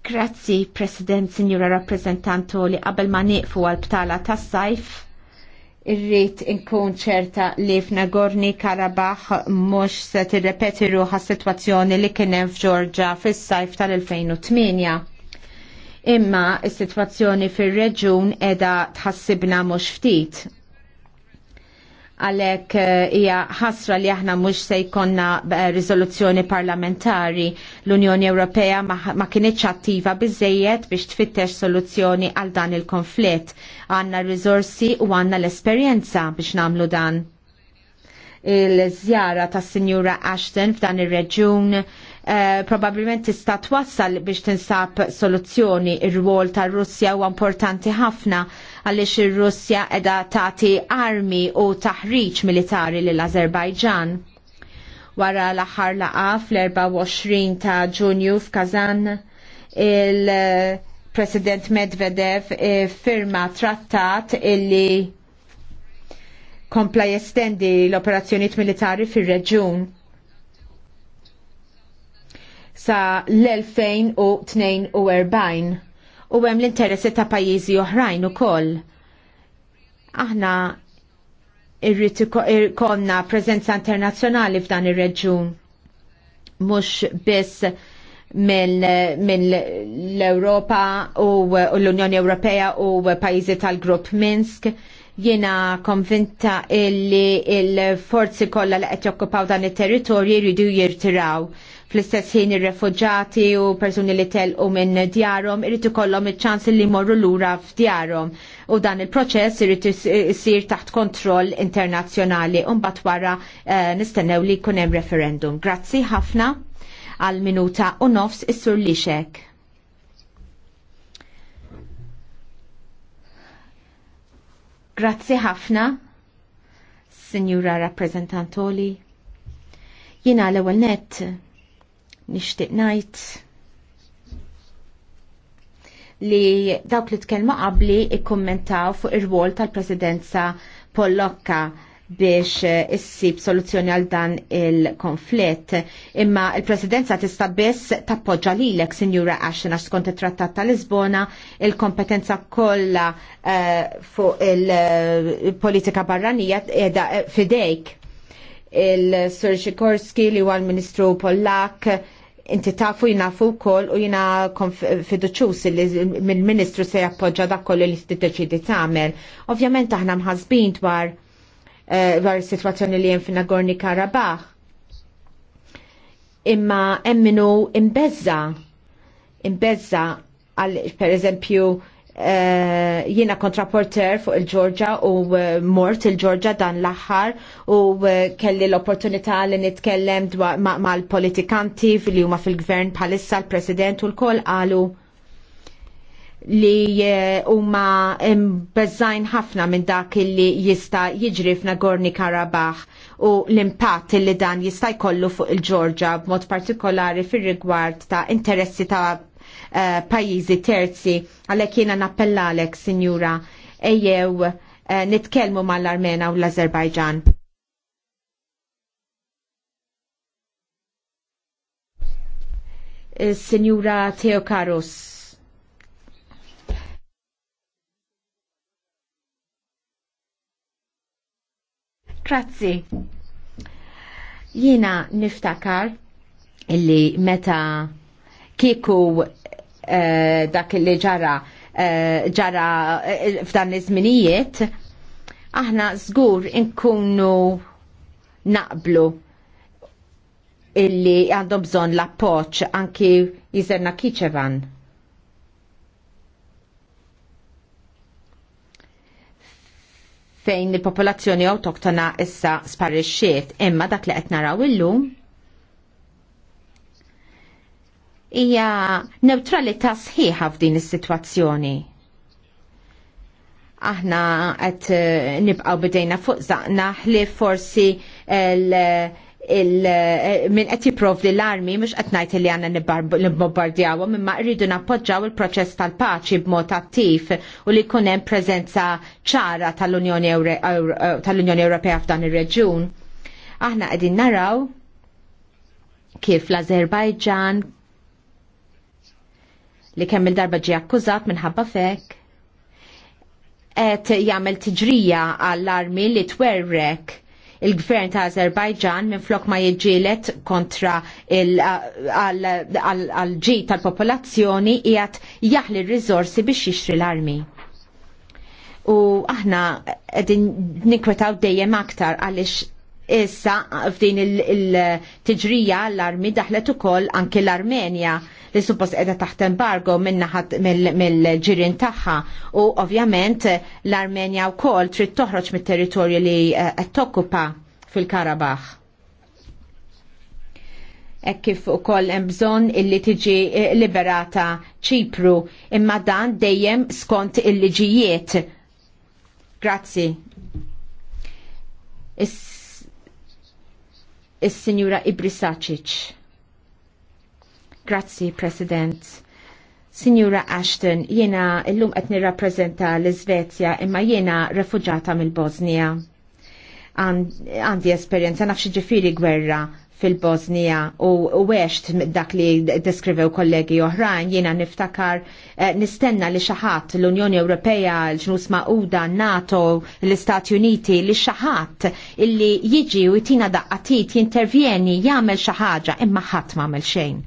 Grazzi, President, Sinjura Rappresentanto, li qabel ma nieqfu għal btala tas sajf irrit inkun ċerta li f'Nagorni Karabakh mhux se tirrepeti ruħa situazzjoni li kien hemm f'Ġorġa fis-sajf tal-2008. Imma s-sitwazzjoni fir-reġun qiegħda tħassibna mhux ftit għalek eh, hija ħasra li aħna mhux se jkollna eh, riżoluzzjoni parlamentari l-Unjoni Ewropea ma kienieċ attiva biżejjed biex tfittex soluzzjoni għal dan il-konflitt. Għandna r-riżorsi u għandna l-esperjenza biex nagħmlu dan. Il-żjara tas Sinjura Ashton f'dan ir-reġjun Uh, probabbilment tista' twassal biex tinsab soluzzjoni ir-rwol tar-Russja huwa importanti ħafna għaliex ir-Russja qiegħda tagħti armi u taħriġ militari l azerbajġan Wara l-aħħar laqa fl-24 ta' Ġunju f'Kazan il-President Medvedev firma trattat illi kompla jestendi l-operazzjoniet militari fir-reġjun sa l-2042 u hemm l-interessi ta' pajjiżi oħrajn ukoll. Aħna irrid konna preżenza internazzjonali f'dan ir-reġjun mhux biss l europa u l-Unjoni Ewropea u pajjiżi tal-Grupp Minsk jiena konvinta illi il-forzi kollha li qed jokkupaw dan it-territorju jridu jirtiraw fl-istess ħin ir-refuġati u persuni li telqu minn djarhom irid ikollhom iċ-ċans li jmorru lura f'djarhom u dan il-proċess irid isir taħt kontroll internazzjonali u mbagħad wara eh, nistennew li jkun hemm referendum. Grazzi ħafna għal minuta u nofs is-sur Lixek. Grazzi ħafna, Signora Rappresentantoli. Jina l-ewwel nett Nixtieq ngħid li dawk li tkellma qabli ikkommentaw fuq ir-rwol tal-presidenza Pollokka biex eh, issib soluzzjoni għal dan il-konflitt. Imma il-presidenza tista' biss tappoġġa lilek, Sinjura Ashina, skont it-Trattat ta' Lisbona, il-kompetenza kollha eh, fuq il-politika barranija qiegħda fidejk. Il-Sur Sikorski li huwa l-Ministru Pollak Inti tafu jina fu kol u jina fiduċus li mill-ministru se jappoġġa da kol li tiddeċidi tagħmel. Ovvjament aħna mħazbin dwar eh, dwar is-sitwazzjoni li hemm fin Gorni Karabakh. Imma hemm imbezza, imbezza għal per eżempju Eh, jiena kontraporter fuq il-Ġorġa u eh, mort il-Ġorġa dan l-aħħar u eh, kelli l-opportunità li nitkellem mal-politikanti fil huma fil-gvern bħalissa l-President u l-kol qalu li huma mbeżajn ħafna minn dak li jista' jiġri f'Nagorni Karabaħ u l-impatt li dan jista' jkollu fuq il-Ġorġa b'mod partikolari fir-rigward ta' interessi ta' Eh, pajjiżi terzi. Għalhekk jiena nappellalek, Sinjura, ejjew eh, nitkellmu mal-Armena u l-Azerbajġan. Eh, Sinjura Karus. Grazzi. Jiena niftakar illi meta kieku Eh, dak li ġara eh, ġara eh, f'dan iż-żminijiet, aħna żgur inkunu naqblu illi għandhom bżonn l-appoċ anki jizerna kiċevan. fejn il-popolazzjoni autoktona issa sparixxiet imma dak li qed naraw illum hija neutralità sħiħa f'din is-sitwazzjoni. Aħna qed eh, nibqgħu bidejna fuq zaqna li forsi eh, minn qed jipprovdi l-armi mhux qed ngħid li għandna nibbombardjawhom imma rridu nappoġġaw il-proċess tal-paċi b'mod attiv u li jkun hemm preżenza ċara tal-Unjoni Ewropea f'dan ir-reġjun. Aħna qegħdin naraw kif l-Azerbajġan li kemm il-darba ġie akkużat minħabba fek qed jagħmel tiġrija għall-armi li twerrek il-gvern ta' Azerbajġan minn flok ma jiġġielet kontra għal-ġi tal-popolazzjoni jgħat jaħli r-rizorsi biex jixtri l-armi. U aħna qegħdin nikwetaw dejjem aktar għalix Issa f'din il-tiġrija l-armi daħlet ukoll anke l-Armenja li suppost qiegħda taħt embargo mill-ġirien tagħha u ovvjament l-Armenja wkoll trid toħroġ mit-territorju li eh, qed tokkupa fil karabakh Hekk kif ukoll hemm bżonn illi tiġi eh, liberata ċipru imma dan dejjem skont il-liġijiet. Grazzi. Is is-Sinjura Ibrisacic. Grazzi, President. Sinjura Ashton, jiena illum qed nirrappreżenta l-Iżvezja imma jiena refuġata mill bosnia Għandi esperjenza nafx ġifiri gwerra fil-Bosnija u weċt dak li deskrivew kollegi oħrajn jiena niftakar eh, nistenna li xaħat l-Unjoni Ewropea, l-ġnus Mauda, NATO, l-Istati Uniti, li xaħat illi jiġi u jtina daqqatit jintervjeni jagħmel xi ħaġa imma ħadd m'għamel xejn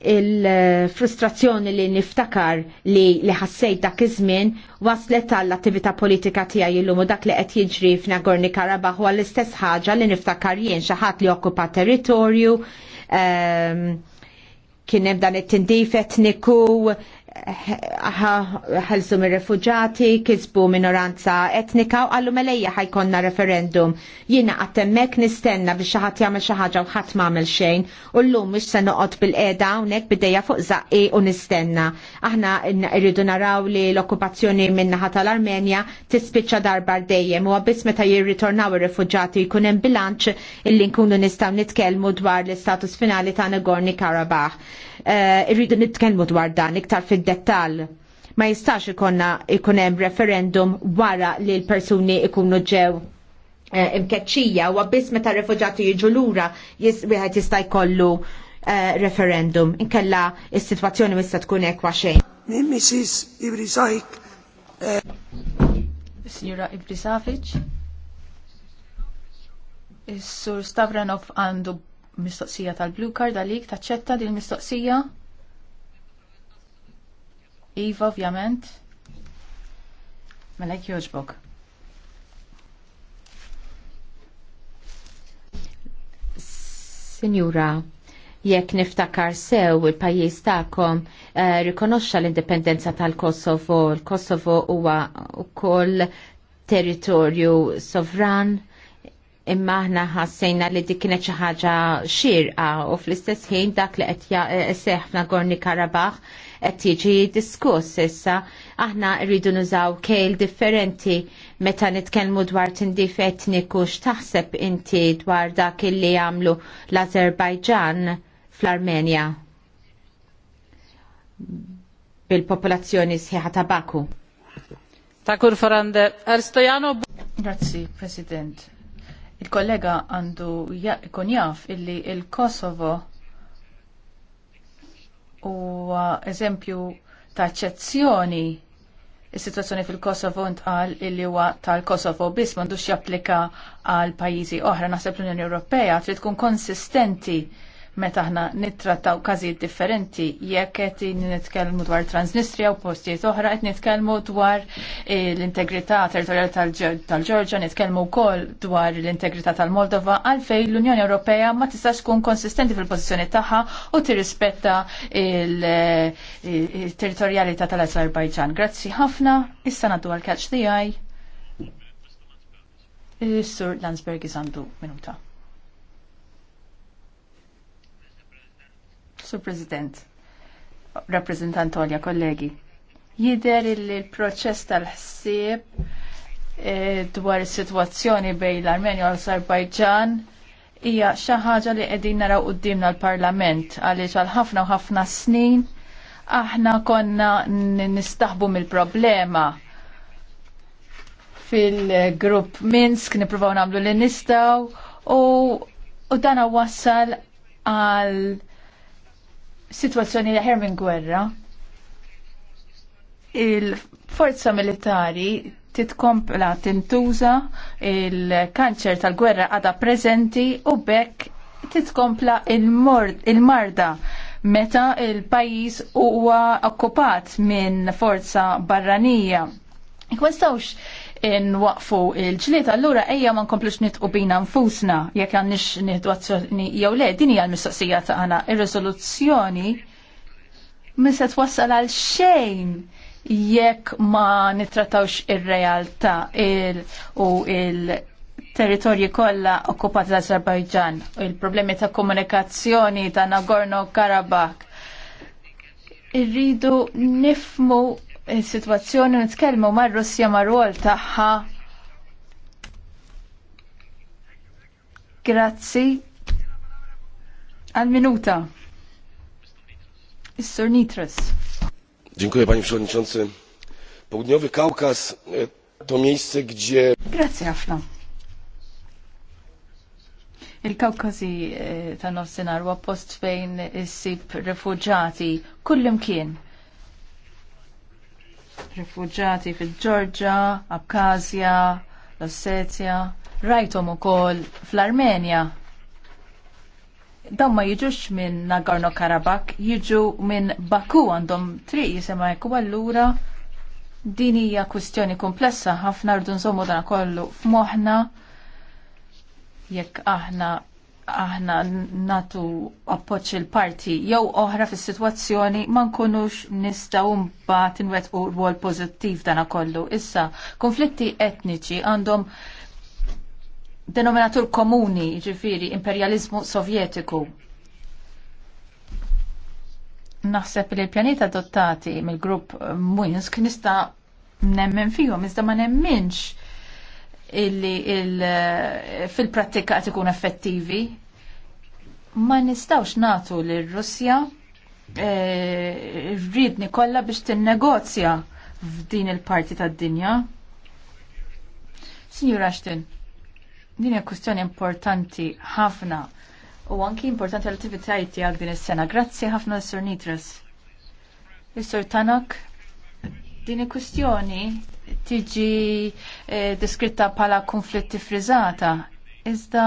il-frustrazzjoni li niftakar li li ħassejt dak iż-żmien waslet għall-attività politika tiegħi llum u dak li qed jiġri f'Nagorni Karabaħ huwa l-istess ħaġa li niftakar jien xi ħadd li okkupa territorju ehm, kien hemm dan it-tindif etniku, ħalsu mir refuġati kisbu minoranza etnika u għallu melejja ħajkonna referendum. Jina għattemmek nistenna biex ħat jagħmel xi ħaġa u ħadd m'għamel xejn u llum mhux se noqgħod bil-qeda hawnhekk bidejja fuq zaqqi u nistenna. Aħna rridu naraw li l-okkupazzjoni min-naħa tal-Armenja tispiċċa darba dejjem u biss meta jirritornaw ir-refuġati jkun hemm bilanċ illi nkunu nistgħu nitkellmu dwar l-istatus finali ta' Nagorni Karabakh Eh, irridu nitkellmu dwar dan iktar fid-dettall ma jistax ikonna ikunem referendum wara li l-persuni ikunu ġew eh, imkeċċija u għabbis meta refugjati jiġu lura wieħed jista' jkollu eh, referendum. Inkella s sitwazzjoni mista tkun hekk xejn.
Mrs. Ibrisajk. Eh.
Signora Ibrisafic. Is-Sur Stavranov għandu mistoqsija tal-blue card għalik taċċetta din mistoqsija? Iva, ovvjament. Melek joġbok.
Signora, jekk niftakar sew il-pajjiż tagħkom eh, rikonoxxa l-indipendenza tal-Kosovo. Il-Kosovo huwa wkoll territorju sovran imma aħna ħassejna li dik kienet xi ħaġa xirqa u fl-istess ħin dak li qed eh, seħħ f'Nagorni Karabakh qed jiġi diskuss issa aħna rridu nużaw kejl differenti meta nitkellmu dwar tindif etniku x'taħseb inti dwar dak li jagħmlu l-Azerbajġan fl-Armenja bil-popolazzjoni sħiħa ta' Baku.
Ta' Grazzi, President Il-kollega għandu jkun jaf illi il-Kosovo huwa eżempju ta' ċezzjoni il sitwazzjoni fil-Kosovo ntqal illi huwa tal-Kosovo biss m'għandux japplika għal pajjiżi oħra naħseb l-Unjoni Ewropea trid tkun konsistenti meta aħna nittrattaw każijiet differenti jekk qed nitkellmu dwar Transnistria u postijiet oħra qed nitkellmu dwar eh, l-integrità territorjali tal-Ġorġa, nitkellmu wkoll dwar l-integrità tal-Moldova għalfejn l-Unjoni Ewropea ma tistax tkun konsistenti fil-pożizzjoni tagħha u tirrispetta il-territorjalità eh, tal-Azerbajġan. Grazzi ħafna, issa nagħdu għal-catch the eye. Eh, Sur Landsberg għandu minuta. Sur President, rappresentant Olja, kollegi. Jider il-proċess tal-ħsieb eh, dwar is-sitwazzjoni bejn l-Armenja u l-Azerbajġan hija xi ħaġa li qegħdin naraw qudiemna l-Parlament għaliex għal ħafna u ħafna snin aħna konna nistaħbu mill-problema fil-grupp Minsk nippruvaw nagħmlu li nistaw u, dan wassal għal situazzjoni li minn gwerra, il-forza militari titkompla tintuża il-kanċer tal-gwerra għada prezenti u bekk titkompla il-marda meta il-pajis huwa okkupat minn forza barranija. Kwestawx waqfu il-ġlied, allura ejja ma nkomplux nitqu bina nfusna jekk għandix nieħdu jew le din hija l-mistoqsija ta' Ir-riżoluzzjoni min se twassal għal xejn jekk ma nittrattawx ir-realtà il u il- territorji kollha okkupati l-Azerbajġan u il-problemi ta' komunikazzjoni ta' Nagorno-Karabakh. Irridu nifmu is-sitwazzjoni nitkellmu mar-Russja mar-rol tagħha. Grazzi. Għal minuta. Is-Sur Nitras.
Dziękuję panie przewodniczący. Południowy Kaukaz e, to miejsce, gdzie...
Grazie, Afna. il kaukazi e, ta' nofsinhar huwa post fejn issib refuġati kullimkien rifuġati fil-ġorġa, Abkazja, l-Ossetja, rajtom ukoll fl-Armenja. Dawn ma jiġux minn Nagorno Karabakh, jiġu minn Baku għandhom triq jisema jekk allura din hija kwistjoni komplessa ħafna rdu nżommu dan kollu f'moħħna jekk aħna aħna natu appoċ il-parti jew oħra fis situazzjoni ma nkunux nistaw mbagħad inwettqu rwol pożittiv dana kollu. Issa, konflitti etniċi għandhom denominatur komuni, ġifiri, imperializmu sovjetiku. Naħseb li l-pjanita adottati mill-grupp Minsk nista' nemmen fihom, iżda ma nemminx illi fil-prattika qed ikun effettivi. Ma nistawx natu l russja eh, rridni kollha biex tinnegozja f'din il-parti tad-dinja. Signor Ashton, din hija kwistjoni importanti ħafna u anki importanti l-attivitajiet tiegħek din is-sena. Grazzi ħafna s-Sur Nitras. Is-Sur Tanak, din il kustjoni tiġi eh, deskritta bħala konflitti frizzata. Iżda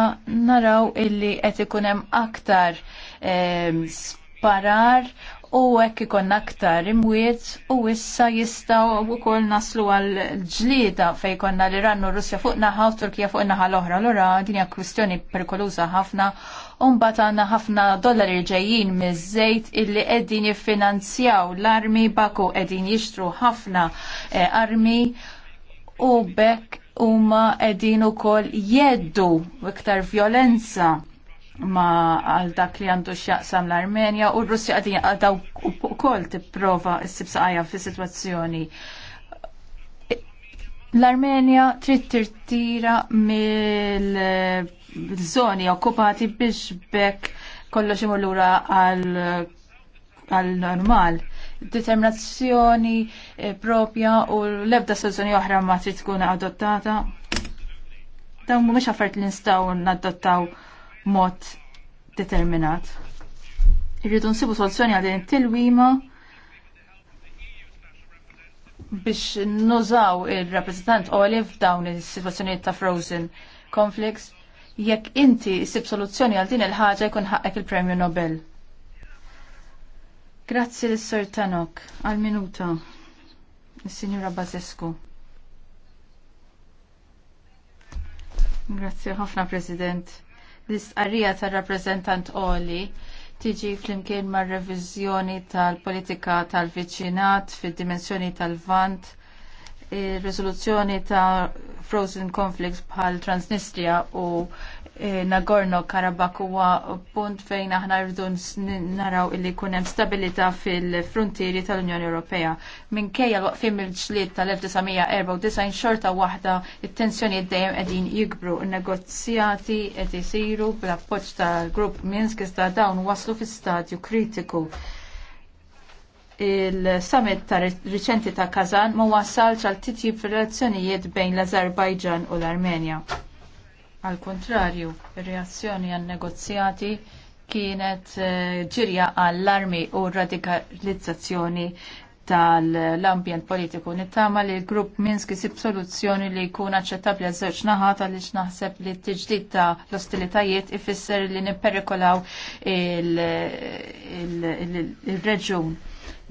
naraw illi qed ikun hemm aktar eh, sparar u hekk ikun aktar imwiet u issa jistgħu wkoll naslu għal ġlieda fejn konna l-Iran u Russja fuq naħa u Turkija fuq naħa l-oħra. Allura din hija kwistjoni perikoluża ħafna Umbat għanna ħafna dollari ġejjin miż-żejt illi qegħdin jiffinanzjaw l-armi baku qegħdin jixtru ħafna eh, armi u bekk huma qegħdin ukoll jeddu iktar violenza ma għal dak li għandu x'jaqsam l-Armenja u r-Russja qegħdin għadaw ukoll tipprova s saqajja fis-sitwazzjoni l-Armenja trid tirtira mill zoni okkupati biex bekk kollox imur lura għal normal. Determinazzjoni eh, propja u l-ebda soluzzjoni oħra ma trid tkun adottata. Dawn mhumiex affarijiet li nistgħu nadottaw mod determinat. Irridu nsibu soluzzjoni għal din it-tilwima biex nużaw il-rappresentant Olive dawn is-sitwazzjonijiet ta' Frozen conflicts jekk inti issib soluzzjoni għal din il-ħaġa jkun ħaqek il-Premju Nobel. Grazzi l sur Tanok għal minuta il-Sinjura Bazesku. Grazzi ħafna President. L-istqarrija tar-rappreżentant Oli tiġi flimkien mar-reviżjoni tal-politika tal-viċinat fid-dimensjoni tal-vant il resoluzzjoni ta' frozen conflicts bħal Transnistria u e, Nagorno Karabakh huwa punt fejn aħna rridu naraw illi jkun hemm stabilità fil-frontieri tal-Unjoni Ewropea. Minkejja waqfim il-ġlied tal-1994 xorta waħda it-tensjonijiet dejjem qegħdin jikbru. Negozjati qed isiru bl-appoġġ tal-grupp Minsk iżda dawn waslu fi stadju kritiku il-summit ta' riċenti ta' Kazan ma wassalx għal titjib fil-relazzjonijiet bejn l-Azerbajġan u l-Armenja. Al kontrarju, ir-reazzjoni għan negozjati kienet ġirja għall-armi u radikalizzazzjoni tal-ambjent politiku. Nittama li l-grupp Minsk jisib soluzzjoni li jkun aċċettabli għal żewġ naħat għaliex naħseb li t-tiġdid ta' l-ostilitajiet ifisser li nipperikolaw il-reġun.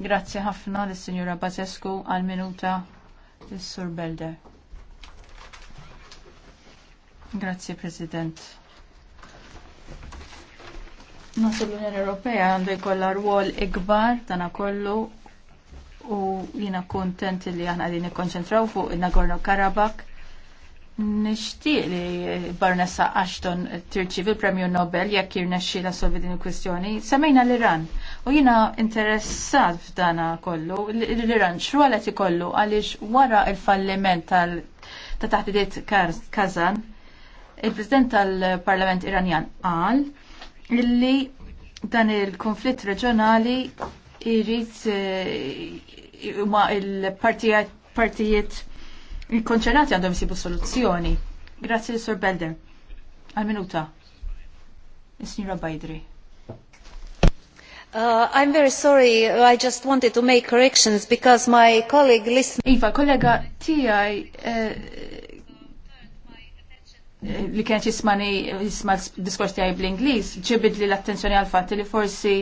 Grazzi ħafna lis signora Bazescu għal minuta l-Sur Belder. Grazzi President. Nasu l-Unjoni Ewropea għandu jkollha rwol ikbar dan kollu u jiena kuntent li aħna qegħdin nikkonċentraw fuq in-Nagorno Karabakh Nishtiq li Barnessa Ashton tirċiv il-Premju Nobel jekk jirnexxi la solvi din il-kwistjoni. Semmejna l-Iran u jina interessat f'dana kollu l-Iran xru għalet ikollu għaliex wara il-falliment tal ta' taħdidiet Kazan il-President tal-Parlament Iranjan qal li dan il-konflitt reġjonali jrid eh, ma il-partijiet partijiet il-konċernati għandhom jisibu soluzzjoni. Grazie, l-Sur Belder. Għal-minuta. is Bajdri. Uh, I'm very sorry, I just wanted to make corrections because my colleague listened... Iva, kollega uh, uh, li kienet jismani jisma diskors tijaj bl-Inglis, ġibid li l-attenzjoni għal-fat li forsi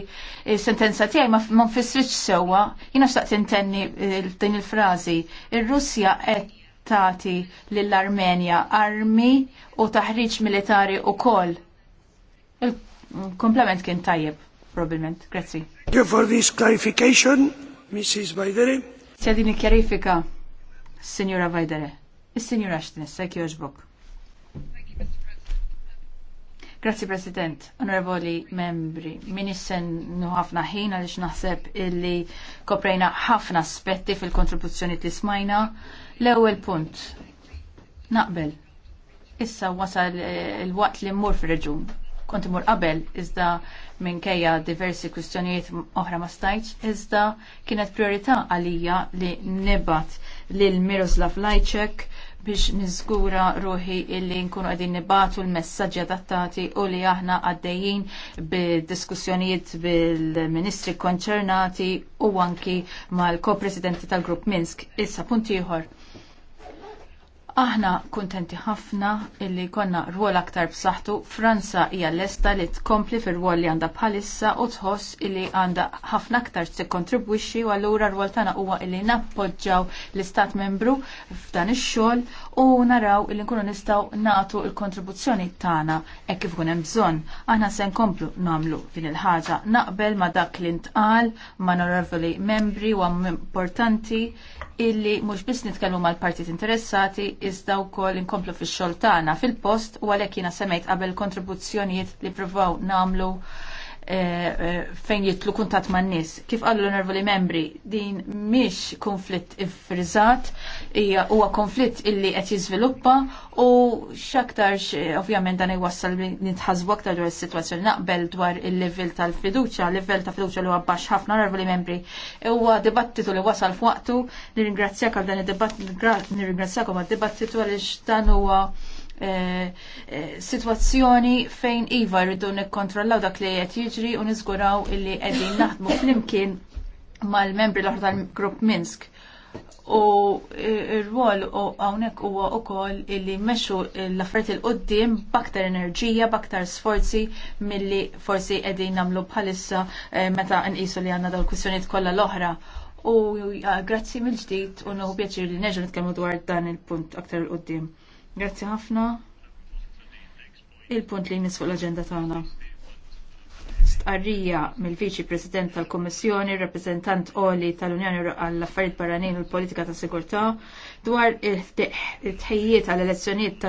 eh, sentenza tijaj ma nfissriċ sewa, jina xtaqt intenni din il-frazi. Il-Russja et tati lill-Armenja armi u taħriġ militari u kol. Il-komplement kien tajjeb, probabilment. Grazzi. Thank you for this clarification, Mrs. Bajdere. Sjadini kjarifika, Signora Bajdere. Is-Signora Ashton, sekk joġbok. Grazzi President, onorevoli membri, minissen ħafna ħin għaliex naħseb illi koprejna ħafna aspetti fil-kontribuzzjoni t Ismajna. L-ewwel punt. Naqbel. Issa wasal eh, il-waqt li mmur fir-reġun. Kont imur qabel iżda minkejja diversi kwistjonijiet oħra ma stajtx, iżda kienet priorità għalija li nibat lil Miroslav Lajček biex niżgura ruħi illi nkunu għadin nibatu l-messagġi adattati u li aħna għaddejjin bid-diskussjonijiet bil-ministri konċernati u anki mal-ko-presidenti tal-grupp Minsk. Issa punti ieħor Aħna kuntenti ħafna illi konna rwol aktar b'saħħtu. Franza hija lesta li tkompli fir-rwol li għandha bħalissa u tħoss illi għandha ħafna aktar se kontribwixxi u allura rwol tagħna huwa illi nappoġġjaw l-Istat membru f'dan ix-xogħol u naraw illi nkunu nistgħu nagħtu l-kontribuzzjoni tagħna hekk kif kun hemm bżonn. Aħna se nkomplu nagħmlu din il-ħaġa naqbel ma dak li ntqal ma' onorevoli membri u importanti illi mhux biss nitkellmu mal-partit interessati iżda wkoll inkomplu fix-xogħol tagħna fil-post u għalhekk jiena semejt qabel kontribuzzjonijiet li provaw nagħmlu fejn jitlu kuntat man nis. Kif għallu l-onorvoli membri, din miex konflitt ifrizzat, huwa konflitt illi qed jiżviluppa u xaktarx ovvjament dan iwassal nitħasbu aktar dwar is-sitwazzjoni naqbel dwar il-livell tal-fiduċja, livell ta' fiduċja li huwa baxx ħafna onorvoli membri. Huwa dibattitu li wasal f'waqtu, nirringrazzjak għal dan id-dibattitu, nirringrazzjakom għad-dibattitu għaliex dan huwa Eh, eh, situazzjoni fejn iva rridu nikkontrollaw dak li qed jiġri u niżguraw illi qegħdin naħdmu flimkien mal-membri l-oħra tal-Grupp Minsk. U r-rwol hawnhekk huwa wkoll illi mexxu l-affarijiet il qudiem b'aktar enerġija, b'aktar sforzi milli forsi qegħdin nagħmlu bħalissa eh, meta nqisu li għandna dawn kwistjonijiet kollha l-oħra. U grazzi mill-ġdid u nħu pjaċir li neġa nitkellmu dwar dan il-punt aktar il qoddim Grazzi ħafna. Il-punt li jmiss fuq l-agenda tagħna stqarrija mill-Viċi President tal-Kommissjoni, Rappreżentant Oli tal-Unjoni għall-Affarijiet Barranin u l-Politika ta' Sigurtà dwar it-tħejjiet għall elezzjonijiet ta'